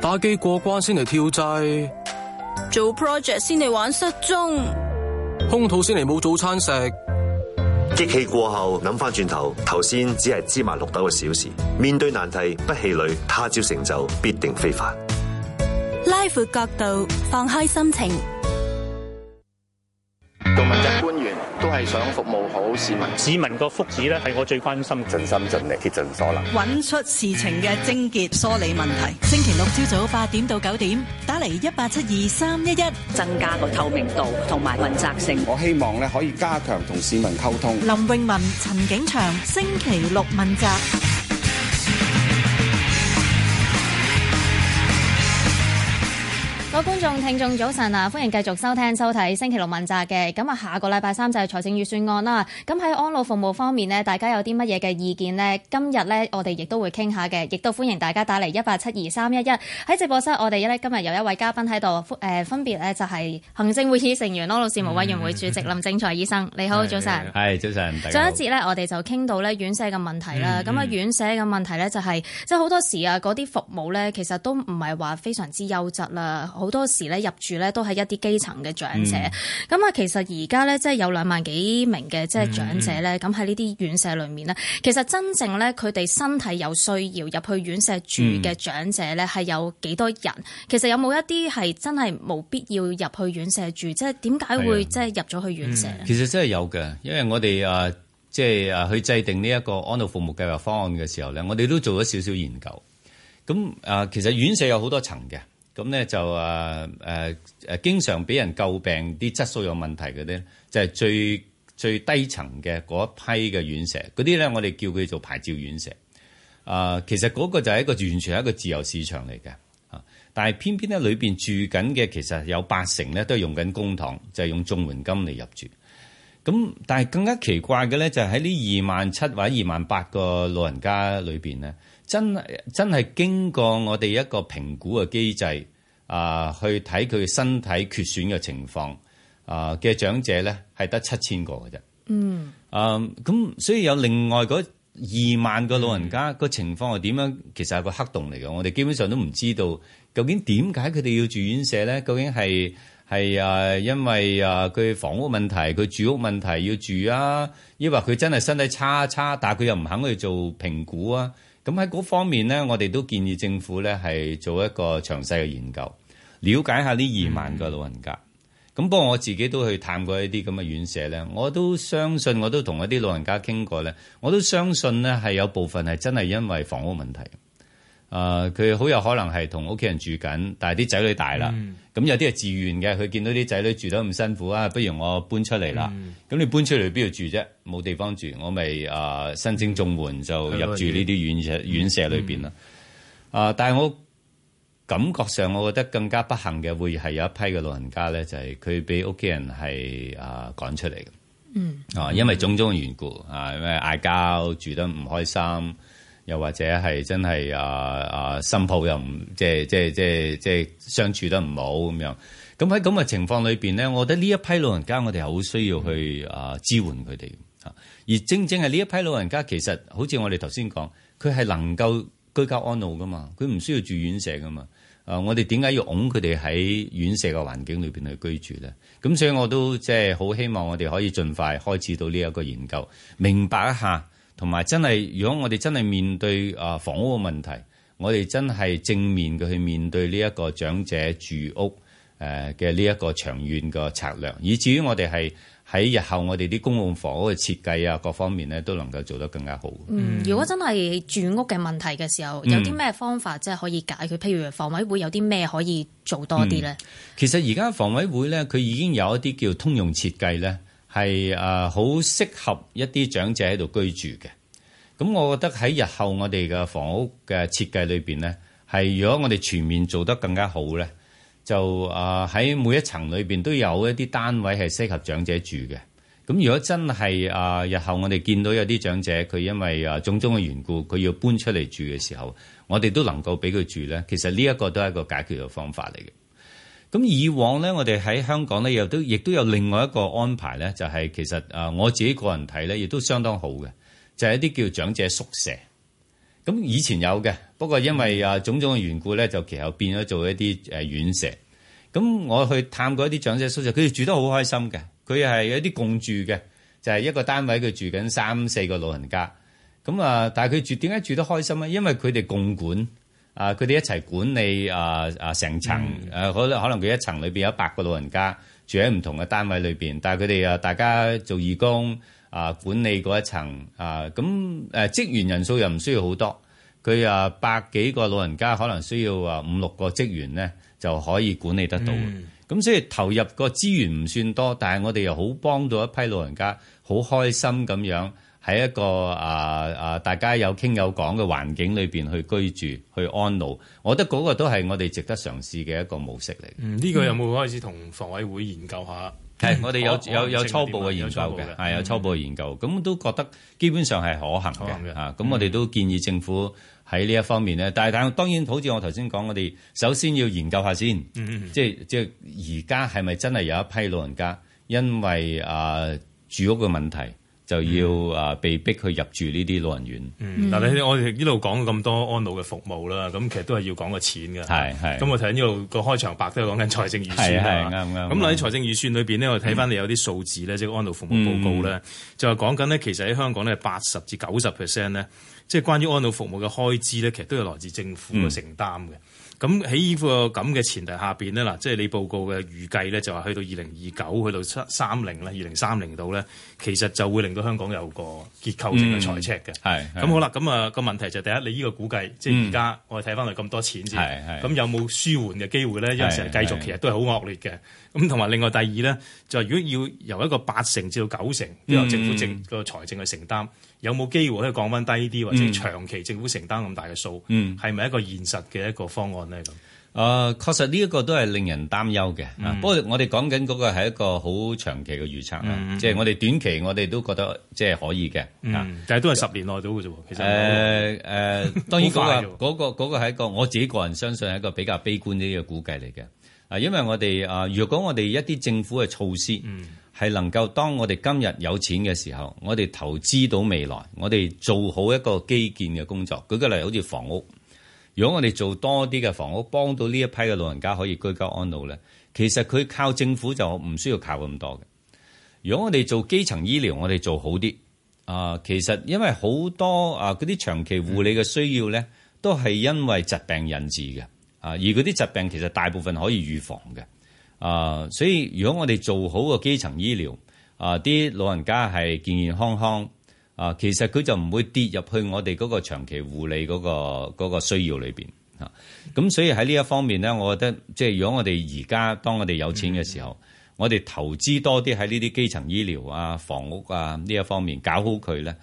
打機過關先嚟跳掣，做 project 先嚟玩失蹤，空肚先嚟冇早餐食。激氣過後諗翻轉頭，頭先只係芝麻綠豆嘅小事。面對難題不氣餒，他朝成就必定非凡。拉闊角度，放開心情。做問責官員都係想服務好市民，市民個福祉咧係我最關心，盡心盡力，竭盡所能，搵出事情嘅症結、梳理問題。星期六朝早八點到九點，打嚟一八七二三一一，增加個透明度同埋問責性。我希望咧可以加強同市民溝通。林詠雯、陳景祥，星期六問責。各位觀眾、聽眾，早晨啊！歡迎繼續收聽、收睇星期六問責嘅。咁啊，下個禮拜三就係財政預算案啦。咁喺安老服務方面呢，大家有啲乜嘢嘅意見呢？今日呢，我哋亦都會傾下嘅，亦都歡迎大家打嚟一八七二三一一喺直播室。我哋咧今日有一位嘉賓喺度，誒、呃、分別呢就係行政會議成員安老事務委員會主席、嗯、林正財醫生。你好，早晨。係，早上一節呢，我哋就傾到咧院舍嘅問題啦。咁啊、嗯嗯，院舍嘅問題呢、就係，就係，即係好多時啊，嗰啲服務呢，其實都唔係話非常之優質啦。好多時咧入住咧都係一啲基層嘅長者，咁啊、嗯，其實而家咧即係有兩萬幾名嘅即係長者咧，咁喺呢啲院舍裏面咧，嗯、其實真正咧佢哋身體有需要入去院舍住嘅長者咧，係有幾多人？嗯、其實有冇一啲係真係冇必要入去院舍住？即係點解會即係入咗去院舍？嗯、其實真係有嘅，因為我哋啊、呃，即係啊去制定呢一個安老服務計劃方案嘅時候咧，我哋都做咗少少研究。咁啊、呃，其實院舍有好多層嘅。咁咧就誒誒誒經常俾人詬病啲質素有問題嗰啲，就係、是、最最低層嘅嗰一批嘅院舍，嗰啲咧我哋叫佢做牌照院舍。啊，其實嗰個就係一個完全係一個自由市場嚟嘅、啊。但係偏偏咧裏面住緊嘅其實有八成咧都係用緊公帑，就係、是、用綜援金嚟入住。咁但係更加奇怪嘅咧，就喺呢二萬七或者二萬八個老人家裏面咧。真係真係經過我哋一個評估嘅機制啊、呃，去睇佢身體缺損嘅情況啊嘅、呃、長者咧係得七千個嘅啫。嗯，啊咁、呃，所以有另外嗰二萬個老人家個情況係點樣？嗯、其實係個黑洞嚟嘅，我哋基本上都唔知道究竟點解佢哋要住院舍咧？究竟係係、啊、因為啊佢房屋問題、佢住屋問題要住啊，抑或佢真係身體差差，但係佢又唔肯去做評估啊？咁喺嗰方面呢，我哋都建議政府呢，係做一個詳細嘅研究，了解下呢二萬個老人家。咁不過我自己都去探過一啲咁嘅院舍呢，我都相信我都同一啲老人家傾過呢，我都相信呢，係有部分係真係因為房屋問題。誒，佢好、呃、有可能係同屋企人住緊，但係啲仔女大啦，咁、嗯、有啲係自願嘅，佢見到啲仔女住得咁辛苦啊，不如我搬出嚟啦。咁、嗯、你搬出嚟邊度住啫？冇地方住，我咪誒、呃、申請綜援就入住呢啲院舍，院舍裏邊啦。啊、呃，但係我感覺上我覺得更加不幸嘅，會係有一批嘅老人家咧，就係佢俾屋企人係誒趕出嚟嘅。嗯、啊、呃，因為種種嘅緣故啊、呃，因為嗌交，住得唔開心。又或者係真係啊啊，新抱又唔即係即係即係即係相處得唔好咁樣。咁喺咁嘅情況裏面咧，我覺得呢一批老人家，我哋好需要去啊支援佢哋，啊。而正正係呢一批老人家，其實好似我哋頭先講，佢係能夠居家安老噶嘛，佢唔需要住院舍噶嘛。啊，我哋點解要擁佢哋喺院舍嘅環境裏面去居住咧？咁所以我都即係好希望我哋可以盡快開始到呢一個研究，明白一下。同埋真係，如果我哋真係面對啊房屋嘅問題，我哋真係正面嘅去面對呢一個長者住屋誒嘅呢一個長遠嘅策略，以至於我哋係喺日後我哋啲公共房屋嘅設計啊各方面咧，都能夠做得更加好。嗯，如果真係住屋嘅問題嘅時候，有啲咩方法即係可以解決？譬如房委會有啲咩可以做多啲咧？嗯？其實而家房委會咧，佢已經有一啲叫通用設計咧。係啊，好適合一啲長者喺度居住嘅。咁我覺得喺日後我哋嘅房屋嘅設計裏邊呢，係如果我哋全面做得更加好呢，就啊喺每一層裏邊都有一啲單位係適合長者住嘅。咁如果真係啊日後我哋見到有啲長者，佢因為啊種種嘅緣故，佢要搬出嚟住嘅時候，我哋都能夠俾佢住呢。其實呢一個都係一個解決嘅方法嚟嘅。咁以往咧，我哋喺香港咧，又都亦都有另外一個安排咧，就係其實啊，我自己個人睇咧，亦都相當好嘅，就係一啲叫長者宿舍。咁以前有嘅，不過因為啊種種嘅緣故咧，就其實變咗做一啲院舍。咁我去探過一啲長者宿舍，佢哋住得好開心嘅，佢係有啲共住嘅，就係一個單位佢住緊三四個老人家。咁啊，但係佢住點解住得開心咧？因為佢哋共管。啊！佢哋一齊管理啊啊成層，誒、啊、可能可能佢一層裏面有百個老人家住喺唔同嘅單位裏面。但係佢哋啊大家做義工啊管理嗰一層啊，咁、啊、誒、啊、職員人數又唔需要好多，佢啊百幾個老人家可能需要五六個職員咧就可以管理得到，咁、嗯、所以投入個資源唔算多，但係我哋又好幫到一批老人家，好開心咁樣。喺一個啊啊，大家有傾有講嘅環境裏邊去居住、去安老，我覺得嗰個都係我哋值得嘗試嘅一個模式嚟。嗯，呢、呢個有冇開始同房委會研究下？係，我哋有我我有有初步嘅研究嘅，係有初步嘅、嗯、研究，咁、嗯、都覺得基本上係可行嘅嚇。咁、啊、我哋都建議政府喺呢一方面咧，但係、嗯、但當然，好似我頭先講，我哋首先要研究下先，嗯嗯、即係即係而家係咪真係有一批老人家因為啊住屋嘅問題？就要啊被逼去入住呢啲老人院。嗯，但係、嗯、我哋一路講咁多安老嘅服務啦，咁其實都係要講個錢嘅。咁我睇緊一路個開場白都係講緊財政預算啊。啱啱。咁喺吧、嗯、財政預算裏面咧，嗯、我睇翻你有啲數字咧，即、就、係、是、安老服務報告咧、嗯，就係講緊咧，其實喺香港咧，八十至九十 percent 咧，即係關於安老服務嘅開支咧，其實都係來自政府嘅承擔嘅。嗯咁喺呢個咁嘅前提下邊咧，嗱，即係你報告嘅預計咧，就話去到二零二九去到三三零咧，二零三零度咧，其實就會令到香港有個結構性嘅財赤嘅。咁、嗯、好啦，咁、那、啊個問題就第一，你呢個估計，即係而家我哋睇翻佢咁多錢先，咁、嗯、有冇舒緩嘅機會咧？因為成繼續其實都係好惡劣嘅。咁同埋另外第二咧，就如果要由一個八成至到九成，都由政府政個財政去承擔。嗯有冇機會可以降翻低啲，或者長期政府承擔咁大嘅數，係咪、嗯、一個現實嘅一個方案咧？咁啊、呃，確實呢一個都係令人擔憂嘅。嗯、不過我哋講緊嗰個係一個好長期嘅預測啦。即係、嗯、我哋短期，我哋都覺得即係、就是、可以嘅、嗯啊。但係都係十年內到嘅啫。呃、其實誒誒，呃呃、當然話、嗰、嗰個嗰個係一個我自己個人相信係一個比較悲觀啲嘅估計嚟嘅。啊，因為我哋啊、呃，如果我哋一啲政府嘅措施，嗯。係能夠當我哋今日有錢嘅時候，我哋投資到未來，我哋做好一個基建嘅工作。舉個例，好似房屋，如果我哋做多啲嘅房屋，幫到呢一批嘅老人家可以居家安老咧，其實佢靠政府就唔需要靠咁多嘅。如果我哋做基層醫療，我哋做好啲啊，其實因為好多啊嗰啲長期護理嘅需要咧，都係因為疾病引致嘅啊，而嗰啲疾病其實大部分可以預防嘅。啊，所以如果我哋做好個基層醫療，啊啲老人家係健健康康，啊其實佢就唔會跌入去我哋嗰個長期護理嗰個嗰個需要裏邊。咁、啊、所以喺呢一方面咧，我覺得即係如果我哋而家當我哋有錢嘅時候，我哋投資多啲喺呢啲基層醫療啊、房屋啊呢一方面搞好佢咧，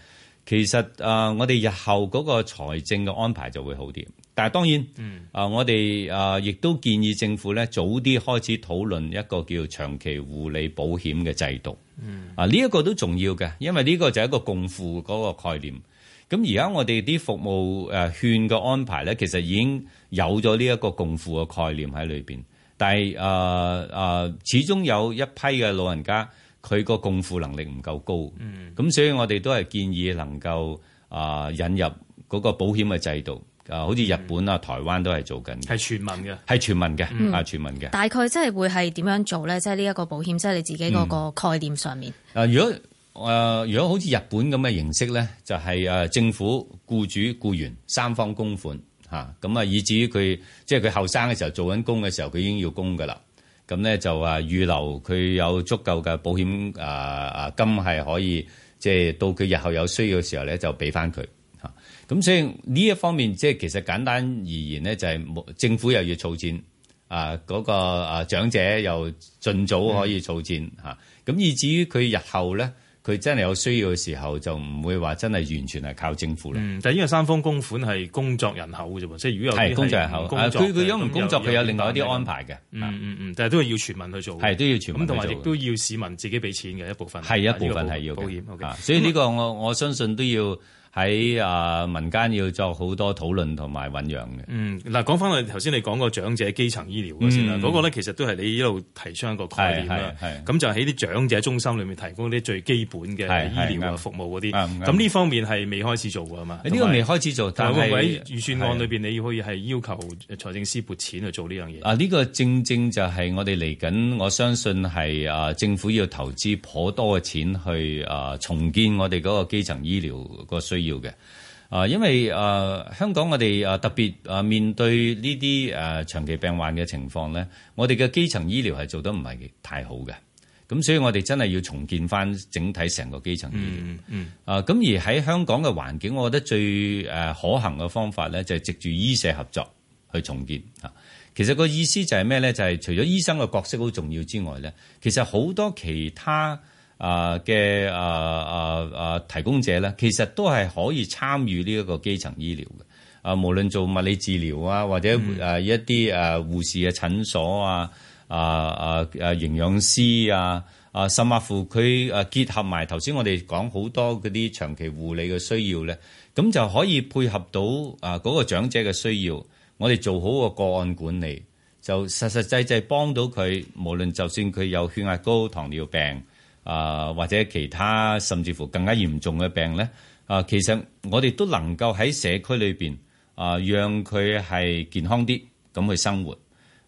其實啊，我哋日後嗰個財政嘅安排就會好啲。但係當然，嗯、啊，我哋啊，亦都建議政府咧，早啲開始討論一個叫長期護理保險嘅制度。嗯、啊，呢、這、一個都重要嘅，因為呢個就係一個共付嗰個概念。咁而家我哋啲服務誒券嘅安排咧，其實已經有咗呢一個共付嘅概念喺裏邊，但係啊啊，始終有一批嘅老人家佢個共付能力唔夠高，咁、嗯、所以我哋都係建議能夠啊引入嗰個保險嘅制度。啊，好似日本啊、嗯、台灣都係做緊，係全民嘅，係全民嘅，啊、嗯，全民嘅。大概即係會係點樣做咧？即係呢一個保險，即、就、係、是、你自己嗰個概念上面。啊、嗯，如果、呃、如果好似日本咁嘅形式咧，就係、是、政府僱僱、雇主、雇員三方供款吓，咁啊，以至於佢即係佢後生嘅時候做緊工嘅時候，佢已經要供㗎喇。咁咧就話預留佢有足夠嘅保險、啊、金，係可以即係、就是、到佢日後有需要嘅時候咧，就俾翻佢。咁所以呢一方面，即係其實簡單而言咧，就係政府又要儲錢，啊嗰個啊長者又儘早可以儲錢嚇。咁以至於佢日後咧，佢真係有需要嘅時候，就唔會話真係完全係靠政府啦。嗯，但係因為三方供款係工作人口咋啫嘛，即係如果有係工作人口，佢佢因為唔工作，佢有另外一啲安排嘅。嗯嗯嗯，但係都要全民去做，係都要全民咁，同埋亦都要市民自己俾錢嘅一部分，係一部分係要嘅。啊，所以呢個我我相信都要。喺啊民間要做好多討論同埋醖釀嘅。嗯，嗱講翻我頭先你講個長者基層醫療嗰先啦，嗰、嗯、個咧，其實都係你一路提倡一個概念啦。咁就喺啲長者中心裏面提供啲最基本嘅醫療服務嗰啲。咁呢方面係未開始做㗎嘛？呢且個未開始做，但係是喺預算案裏邊，是你要可以係要求財政司撥錢去做呢樣嘢。啊，呢、這個正正就係我哋嚟緊，我相信係啊政府要投資頗多嘅錢去啊重建我哋嗰個基層醫療個需。要嘅，啊，因為啊、呃，香港我哋啊特別啊面對呢啲誒長期病患嘅情況咧，我哋嘅基層醫療係做得唔係太好嘅，咁所以我哋真係要重建返整體成個基層醫療，嗯。嗯啊，咁而喺香港嘅環境，我覺得最誒可行嘅方法咧，就係藉住醫社合作去重建。啊，其實個意思就係咩咧？就係、是、除咗醫生嘅角色好重要之外咧，其實好多其他。啊嘅啊啊提供者咧，其實都係可以參與呢一個基層醫療嘅。啊，無論做物理治療啊，或者、嗯啊、一啲誒、啊、護士嘅診所啊，啊啊啊營養師啊，啊甚或乎啊，佢結合埋頭先，我哋講好多嗰啲長期護理嘅需要咧，咁就可以配合到啊嗰個長者嘅需要。我哋做好個個案管理，就實實際際幫到佢。無論就算佢有血壓高、糖尿病。啊，或者其他甚至乎更加嚴重嘅病咧，啊，其實我哋都能夠喺社區裏邊啊，讓佢係健康啲咁去生活。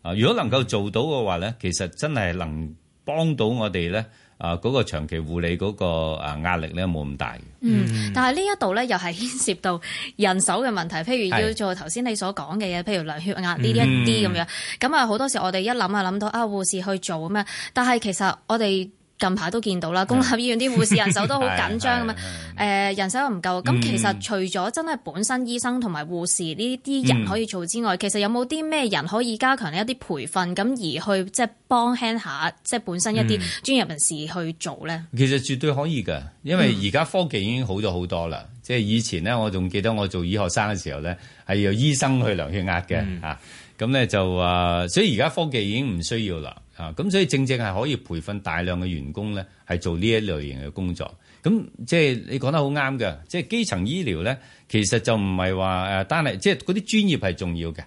啊，如果能夠做到嘅話咧，其實真係能幫到我哋咧啊，嗰個長期護理嗰個啊壓力咧冇咁大。嗯，但係呢一度咧又係牽涉到人手嘅問題，譬如要做頭先你所講嘅嘢，譬如量血壓呢一啲咁樣。咁啊，好多時我哋一諗啊，諗到啊，護士去做咁樣，但係其實我哋。近排都見到啦，公立醫院啲護士人手都好緊張㗎嘛、呃，人手又唔夠。咁、嗯、其實除咗真係本身醫生同埋護士呢啲人可以做之外，嗯、其實有冇啲咩人可以加強一啲培訓，咁而去即係、就是、幫輕下即係、就是、本身一啲專業人士去做咧、嗯？其實絕對可以㗎，因為而家科技已經好咗好多啦。即係、嗯、以前咧，我仲記得我做醫學生嘅時候咧，係由醫生去量血壓嘅嚇。咁咧、嗯啊、就啊，所以而家科技已經唔需要啦。啊，咁所以正正係可以培訓大量嘅員工咧，係做呢一類型嘅工作。咁即係你講得好啱嘅，即係基層醫療咧，其實就唔係話誒單係，即係嗰啲專業係重要嘅，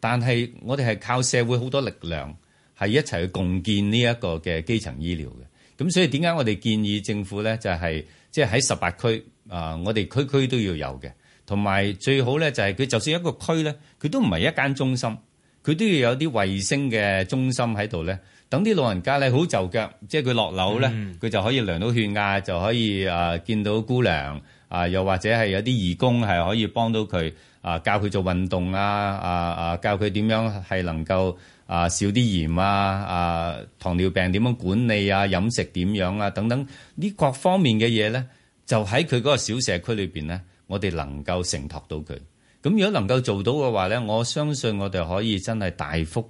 但係我哋係靠社會好多力量係一齊去共建呢一個嘅基層醫療嘅。咁所以點解我哋建議政府咧就係即係喺十八區啊、呃，我哋區區都要有嘅，同埋最好咧就係佢就算一個區咧，佢都唔係一間中心，佢都要有啲衛星嘅中心喺度咧。等啲老人家咧好就腳，即係佢落樓咧，佢、嗯、就可以量到血壓，就可以啊見到姑娘，啊，又或者係有啲義工係可以幫到佢啊，教佢做運動啊啊啊，教佢點樣係能夠啊少啲鹽啊啊糖尿病點樣管理啊飲食點樣啊等等呢各方面嘅嘢咧，就喺佢嗰個小社區裏邊咧，我哋能夠承托到佢。咁如果能夠做到嘅話咧，我相信我哋可以真係大幅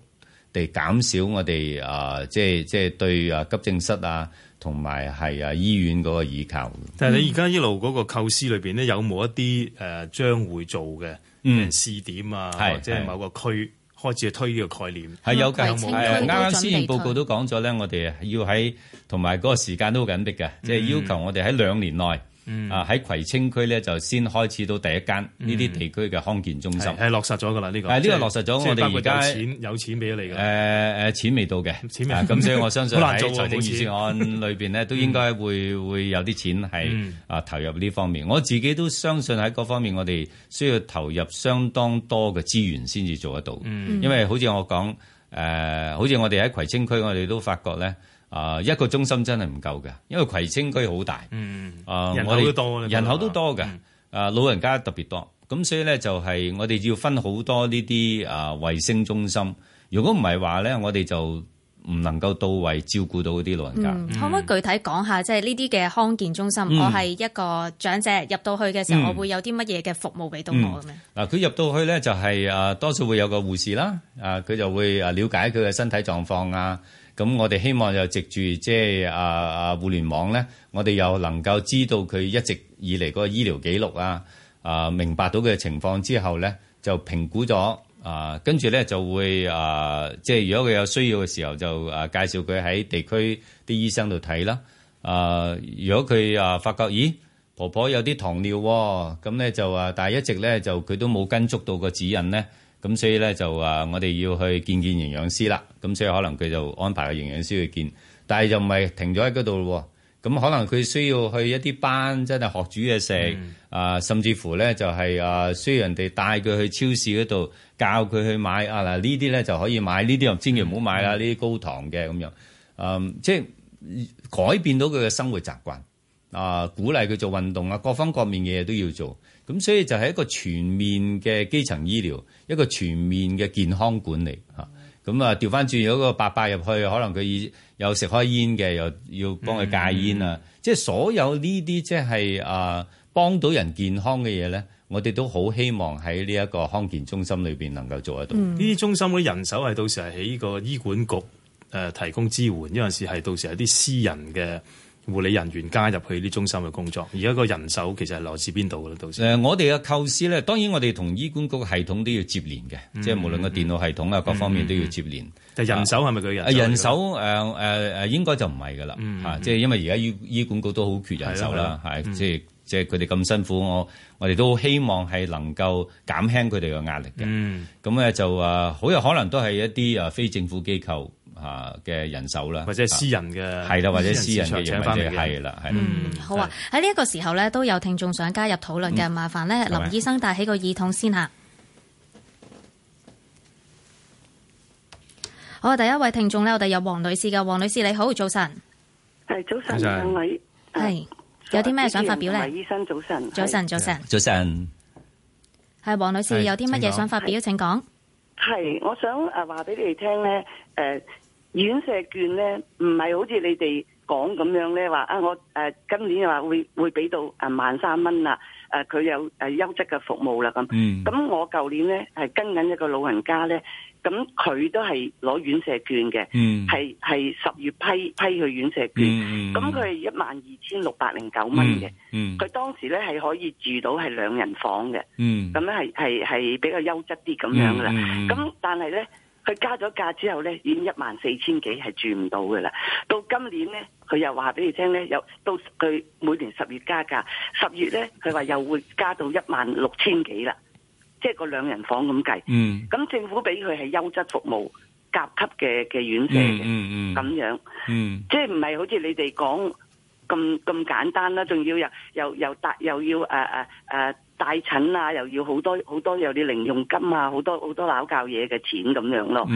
哋減少我哋啊，即係即係對啊急症室啊，同埋係啊醫院嗰個倚靠。但係你而家一路嗰個構思裏邊咧，有冇一啲誒將會做嘅試點啊，或者某個區開始去推呢個概念？係有嘅，係啱啱先驗報告都講咗咧，我哋要喺同埋嗰個時間都好緊迫嘅，即係要求我哋喺兩年內。嗯、啊！喺葵青區咧，就先開始到第一間呢啲地區嘅康健中心，係、嗯、落實咗噶啦呢個。誒、啊，呢個係落實咗，我哋而家錢有錢俾咗你嘅。誒誒、呃，錢未到嘅，錢未到，咁，啊、所以我相信喺財政預算案裏邊咧，都應該會會有啲錢係、嗯、啊投入呢方面。我自己都相信喺各方面，我哋需要投入相當多嘅資源先至做得到。嗯、因為好似我講誒、呃，好似我哋喺葵青區，我哋都發覺咧。啊，一個中心真係唔夠嘅，因為葵青區好大，嗯，啊、呃，我哋人口都多嘅，啊，嗯、老人家特別多，咁所以咧就係我哋要分好多呢啲啊衛星中心，如果唔係話咧，我哋就唔能夠到位照顧到啲老人家。嗯嗯、可唔可以具體講下，即係呢啲嘅康健中心，嗯、我係一個長者入到去嘅時候，嗯、我會有啲乜嘢嘅服務俾到我嘅？嗱、嗯，佢入到去咧就係、是啊、多數會有個護士啦，啊，佢就會了解佢嘅身體狀況啊。咁我哋希望就藉住即係啊啊互聯網咧，我哋又能夠知道佢一直以嚟嗰個醫療記錄啊，啊明白到佢嘅情況之後咧，就評估咗啊，跟住咧就會啊，即係如果佢有需要嘅時候就啊介紹佢喺地區啲醫生度睇啦啊，如果佢啊發覺咦婆婆有啲糖尿喎、哦，咁咧就啊，但係一直咧就佢都冇跟足到個指引咧。咁所以咧就話我哋要去見見營養師啦，咁所以可能佢就安排個營養師去見，但係就唔係停咗喺嗰度咯。咁可能佢需要去一啲班，真係學煮嘢食、嗯、啊，甚至乎咧就係、是、啊需要人哋帶佢去超市嗰度教佢去買啊，呢啲咧就可以買，呢啲又千祈唔好買啦，呢啲、嗯、高糖嘅咁樣，嗯、啊，即係改變到佢嘅生活習慣啊，鼓勵佢做運動啊，各方各面嘅嘢都要做。咁所以就係一個全面嘅基層醫療，一個全面嘅健康管理嚇。咁啊調翻轉有個伯伯入去，可能佢已又食開煙嘅，又要幫佢戒煙、嗯、啊。即、就、係、是、所有呢啲即係啊，幫到人健康嘅嘢咧，我哋都好希望喺呢一個康健中心裏邊能夠做得到。呢啲、嗯、中心嗰啲人手係到時係喺個醫管局誒提供支援，有陣時係到時係啲私人嘅，護理人員加入去啲中心嘅工作，而家個人手其實係來自邊度嘅？到時我哋嘅構思咧，當然我哋同醫管局系統都要接連嘅，嗯、即係無論個電腦系統啊，嗯、各方面都要接連。就、嗯嗯啊、人手係咪佢人手？手、啊？人手誒誒、呃呃、應該就唔係噶啦吓，即係因為而家醫醫管局都好缺人手啦、嗯嗯啊，即係即係佢哋咁辛苦，嗯、我我哋都希望係能夠減輕佢哋嘅壓力嘅。咁咧、嗯啊、就好、啊、有可能都係一啲非政府機構。啊嘅人手啦，或者私人嘅係啦，或者私人嘅嘢嚟嘅係啦，嗯，好啊，喺呢一個時候呢，都有聽眾想加入討論嘅，嗯、麻煩呢，林醫生戴起個耳筒先吓、啊。嗎好啊，第一位聽眾呢，我哋有黃女士嘅，黃女士你好，早晨，係早晨兩位，係晨有啲咩想發表呢？醫生早晨，早晨，早晨，早晨，係黃女士有啲乜嘢想發表，是請講說。係我想誒話俾你哋聽呢。誒、呃。院舍券咧，唔係好似你哋講咁樣咧，話啊我誒、呃、今年話會會俾到誒萬三蚊啦，誒、呃、佢有誒優質嘅服務啦咁。咁、嗯、我舊年咧係跟緊一個老人家咧，咁佢都係攞院舍券嘅，係係、嗯、十月批批去院舍券，咁佢一萬二千六百零九蚊嘅，佢、嗯嗯、當時咧係可以住到係兩人房嘅，咁咧係係係比較優質啲咁樣噶啦，咁、嗯嗯、但係咧。佢加咗價之後呢，已經一萬四千幾，係住唔到噶啦。到今年呢，佢又話俾你聽呢，又到佢每年十月加價，十月呢，佢話又會加到一萬六千幾啦。即係個兩人房咁計。嗯。咁政府俾佢係優質服務、甲級嘅嘅院舍嘅。咁樣。嗯。嗯。嗯樣嗯。即係唔係好似你哋講咁咁簡單啦，仲要又又又又要誒誒。啊啊帶診啊，又要好多好多有啲零用金啊，好多好多拗教嘢嘅錢咁樣咯，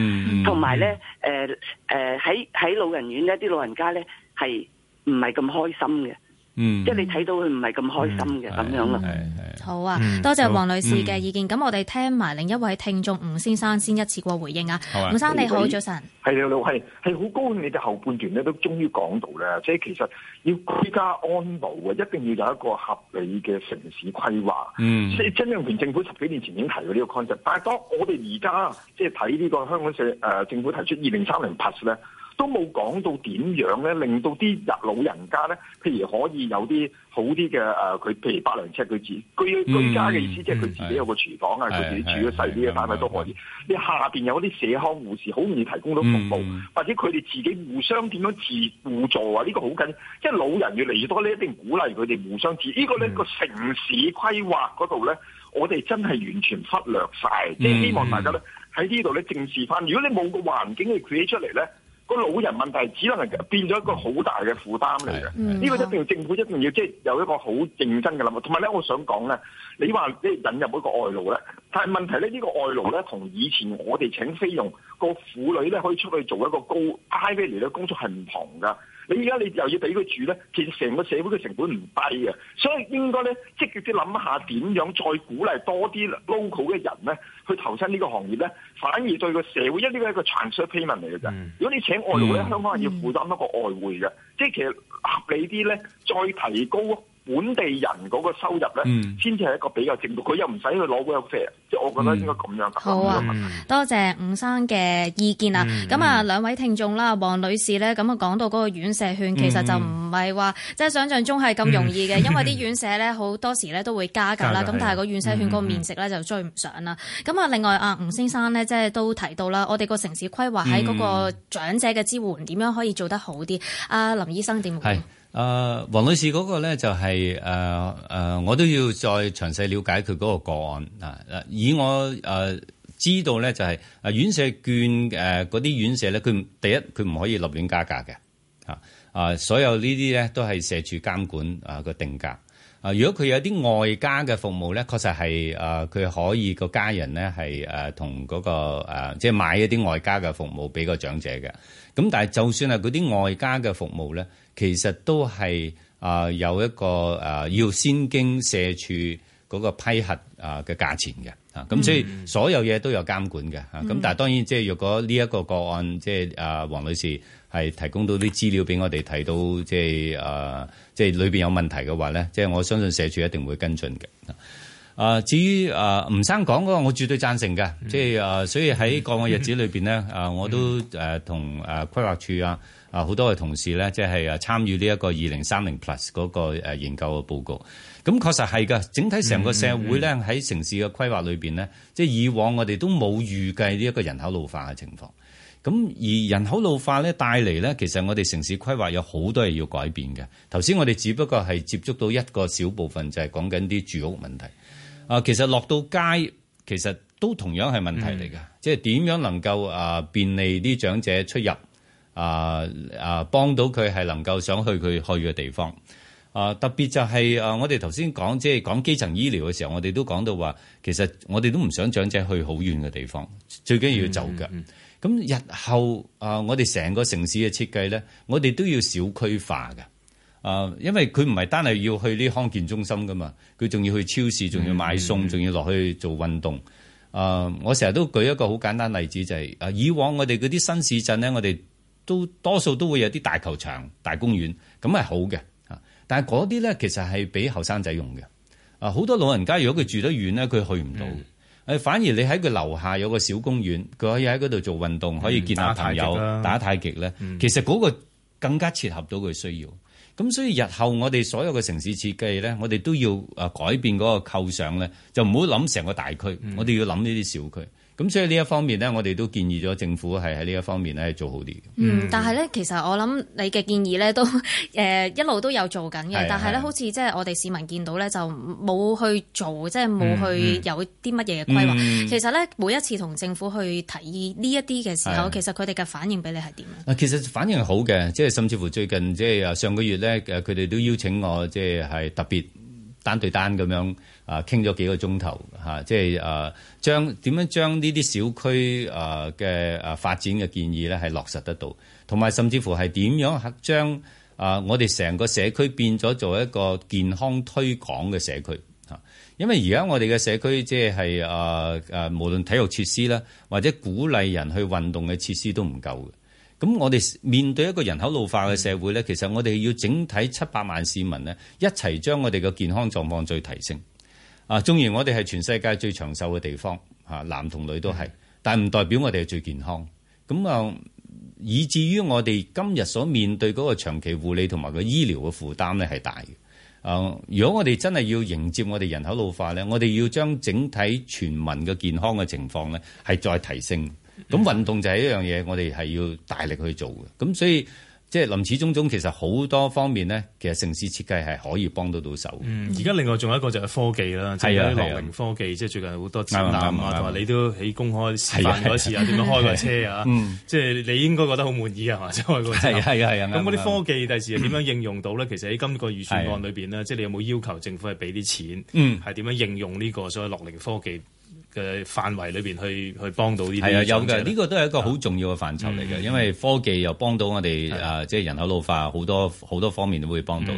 同埋咧，誒誒喺喺老人院咧，啲老人家咧係唔係咁開心嘅。嗯，即係你睇到佢唔係咁開心嘅，咁、嗯、樣咯。嗯嗯、好啊，嗯、多謝黃女士嘅意見。咁、嗯、我哋聽埋另一位聽眾吳先生先一次過回應啊。吳、啊、生你好，你早晨上。係老係係好高興你嘅後半段咧都終於講到咧，即、就、係、是、其實要居家安老啊，一定要有一個合理嘅城市規劃。嗯，真係，連政府十幾年前已經提過呢個 concept，但係當我哋而家即係睇呢個香港社誒、呃、政府提出二零三零 plus 咧。呢都冇講到點樣咧，令到啲日老人家咧，譬如可以有啲好啲嘅誒，佢、呃、譬如百零尺佢自居、嗯、居家嘅意思，即係佢自己有個廚房啊，佢的自己住咗細啲嘅單位都可以。你下邊有啲社康護士好容易提供到服務，嗯、或者佢哋自己互相點樣自互助啊？呢、這個好緊，即係老人越嚟越多，你一定鼓勵佢哋互相自。這個、呢個咧、嗯、個城市規劃嗰度咧，我哋真係完全忽略晒。嗯、即係希望大家咧喺呢度咧正視翻。如果你冇個環境去 create 出嚟咧。個老人問題只能變咗一個好大嘅負擔嚟嘅，呢個一定政府一定要即係有一個好認真嘅諗法。同埋咧，我想講咧，你話即係引入嗰個外勞咧，但係問題咧，呢個外勞咧同以前我哋請菲傭個婦女咧，可以出去做一個高 high level 嘅工作係唔同㗎。你而家你又要俾佢住咧，其實成個社會嘅成本唔低嘅，所以應該咧積極啲諗下點樣再鼓勵多啲 local 嘅人咧去投身呢個行業咧，反而對個社會一呢個一個 transfer payment 嚟嘅啫。嗯、如果你請外勞咧，嗯、香港人要負擔一個外勞嘅，即係其實合理啲咧，再提高。本地人嗰個收入咧，先至係一個比較正確。佢又唔使去攞嗰個社，即我覺得應該咁樣。好啊，多謝吳生嘅意見啊！咁啊、嗯，兩位聽眾啦，黃女士呢，咁啊講到嗰個院舍券，嗯、其實就唔係話即係想像中係咁容易嘅，嗯、因為啲院舍呢好多時呢都會加價啦。咁 但係個院舍券個面值呢，就追唔上啦。咁啊、嗯，另外啊，吳先生呢，即係都提到啦，我哋個城市規劃喺嗰個長者嘅支援點樣可以做得好啲？阿林醫生點？啊，黃、呃、女士嗰個咧就係誒誒，我都要再詳細了解佢嗰個個案啊！以我誒、啊、知道咧就係誒院舍券誒嗰啲院舍咧，佢、啊、第一佢唔可以立亂加價嘅嚇啊！所有呢啲咧都係社署監管啊個定價。啊！如果佢有啲外加嘅服務咧，確實係啊，佢可以個家人咧係誒同嗰個即係、就是、買一啲外加嘅服務俾個長者嘅。咁但係就算係嗰啲外加嘅服務咧，其實都係啊有一個誒要先經社署嗰個批核啊嘅價錢嘅嚇。咁所以所有嘢都有監管嘅嚇。咁、嗯、但係當然即係若果呢一個個案即係啊黃女士。係提供到啲資料俾我哋睇到，即係、呃、即係裏面有問題嘅話咧，即係我相信社署一定會跟進嘅。啊、呃，至於誒、呃、吳生講嗰個，我絕對贊成嘅。即係誒，所以喺個個日子裏面，咧、嗯呃，誒我都誒同誒規劃處啊，啊、呃、好多嘅同事咧，即係誒參與呢一個二零三零 Plus 嗰個誒研究嘅報告。咁確實係㗎。整體成個社會咧喺城市嘅規劃裏面咧，即係、嗯、以往我哋都冇預計呢一個人口老化嘅情況。咁而人口老化咧，帶嚟咧，其實我哋城市規劃有好多嘢要改變嘅。頭先我哋只不過係接觸到一個小部分，就係、是、講緊啲住屋問題。啊，其實落到街，其實都同樣係問題嚟㗎。嗯、即係點樣能夠啊便利啲長者出入？啊啊，幫到佢係能夠想去佢去嘅地方。啊，特別就係、是、啊，我哋頭先講即係講基層醫療嘅時候，我哋都講到話，其實我哋都唔想長者去好遠嘅地方，最緊要要走㗎。嗯嗯嗯咁日後啊，我哋成個城市嘅設計咧，我哋都要小區化嘅啊，因為佢唔係單係要去啲康健中心噶嘛，佢仲要去超市，仲要買餸，仲要落去做運動啊、嗯嗯！我成日都舉一個好簡單例子，就係啊，以往我哋嗰啲新市鎮咧，我哋都多數都會有啲大球場、大公園，咁係好嘅，但係嗰啲咧，其實係俾後生仔用嘅啊，好多老人家如果佢住得遠咧，佢去唔到。嗯反而你喺佢樓下有個小公園，佢可以喺嗰度做運動，可以見下朋友打太極咧。其實嗰個更加切合到佢需要。咁、嗯、所以日後我哋所有嘅城市設計咧，我哋都要改變嗰個構想咧，就唔好諗成個大區，我哋要諗呢啲小區。咁所以呢一方面咧，我哋都建議咗政府係喺呢一方面咧做好啲。嗯、嗯，但係咧，其實我諗你嘅建議咧都誒、呃、一路都有做緊嘅，是的 但係咧是的 好似即係我哋市民見到咧就冇去做，即係冇去有啲乜嘢嘅規劃。嗯、嗯，其實咧，每一次同政府去提議呢一啲嘅時候，是的 其實佢哋嘅反應俾你係點？啊，其實反應係好嘅，即係甚至乎最近即係啊上個月咧，誒佢哋都邀請我即係係特別單對單咁樣。啊，傾咗幾個鐘頭嚇，即係啊，將點樣、啊、將呢啲小區啊嘅啊發展嘅建議咧，係落實得到，同埋甚至乎係點樣將啊我哋成個社區變咗做一個健康推廣嘅社區、啊、因為而家我哋嘅社區即係啊啊，無論體育設施啦，或者鼓勵人去運動嘅設施都唔夠嘅。咁我哋面對一個人口老化嘅社會咧，其實我哋要整體七百萬市民咧一齊將我哋嘅健康狀況再提升。啊，縱然我哋係全世界最長壽嘅地方，男同女都係，但唔代表我哋係最健康。咁啊，以至於我哋今日所面對嗰個長期護理同埋個醫療嘅負擔咧係大嘅。啊，如果我哋真係要迎接我哋人口老化咧，我哋要將整體全民嘅健康嘅情況咧係再提升。咁運動就係一樣嘢，我哋係要大力去做嘅。咁所以。即係林林總總其實好多方面咧，其實城市設計係可以幫到到手。而家另外仲有一個就係科技啦，即係啲樂齡科技，即係最近好多展覽啊，同埋你都喺公開示範嗰次啊，點樣開個車啊？即係你應該覺得好滿意啊嘛，開個車。係啊係啊，咁嗰啲科技第時點樣應用到咧？其實喺今個預算案裏面咧，即係你有冇要求政府係俾啲錢？係點樣應用呢個所謂樂齡科技？嘅範圍裏邊去去幫到呢啲，係啊，有嘅，呢個都係一個好重要嘅範疇嚟嘅，的因為科技又幫到我哋啊的、呃，即係人口老化好多好多方面都會幫到。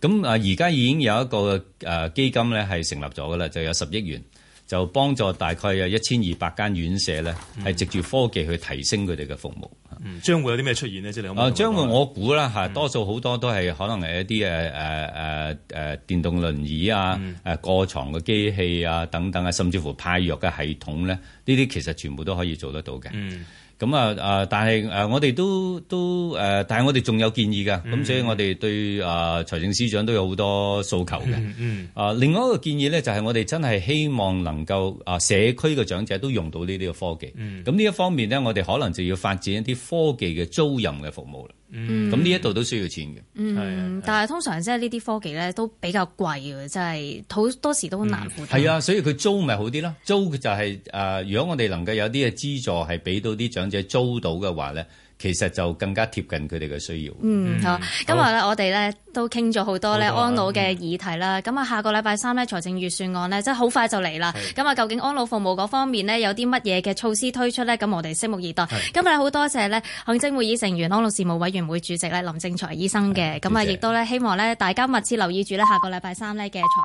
咁啊的，而家、呃、已經有一個誒、呃、基金咧係成立咗㗎啦，就有十億元。就幫助大概有一千二百間院舍呢，咧，係藉住科技去提升佢哋嘅服務。嗯。將會有啲咩出現呢？即係啊，將會我估啦嚇，多數好多都係可能係一啲誒誒誒誒電動輪椅啊、誒、嗯啊、過床嘅機器啊等等啊，甚至乎派藥嘅系統咧，呢啲其實全部都可以做得到嘅。嗯。咁啊，誒、嗯，但係誒，我哋都都誒，但係我哋仲有建議㗎，咁、嗯、所以我哋對誒、呃、財政司長都有好多訴求嘅。誒、嗯，嗯、另外一個建議咧，就係我哋真係希望能夠誒社區嘅長者都用到呢啲嘅科技。咁呢、嗯、一方面咧，我哋可能就要發展一啲科技嘅租賃嘅服務啦。嗯，咁呢一度都需要錢嘅，嗯，係啊，但係通常即係呢啲科技咧都比較貴嘅，真係好多時都難負擔、嗯。係啊，所以佢租咪好啲咯？租就係、是、誒、呃，如果我哋能夠有啲嘅資助係俾到啲長者租到嘅話咧，其實就更加貼近佢哋嘅需要。嗯，好。今日咧，我哋咧都傾咗好多咧安老嘅議題啦。咁、嗯、啊，下個禮拜三咧財政預算案咧，即係好快就嚟啦。咁啊是，究竟安老服務嗰方面呢，有啲乜嘢嘅措施推出咧？咁我哋拭目以待。是今日好多謝咧行政會議成員安老事務委員會主席咧林正財醫生嘅。咁啊，姐姐亦都咧希望咧大家密切留意住咧下個禮拜三咧嘅財政。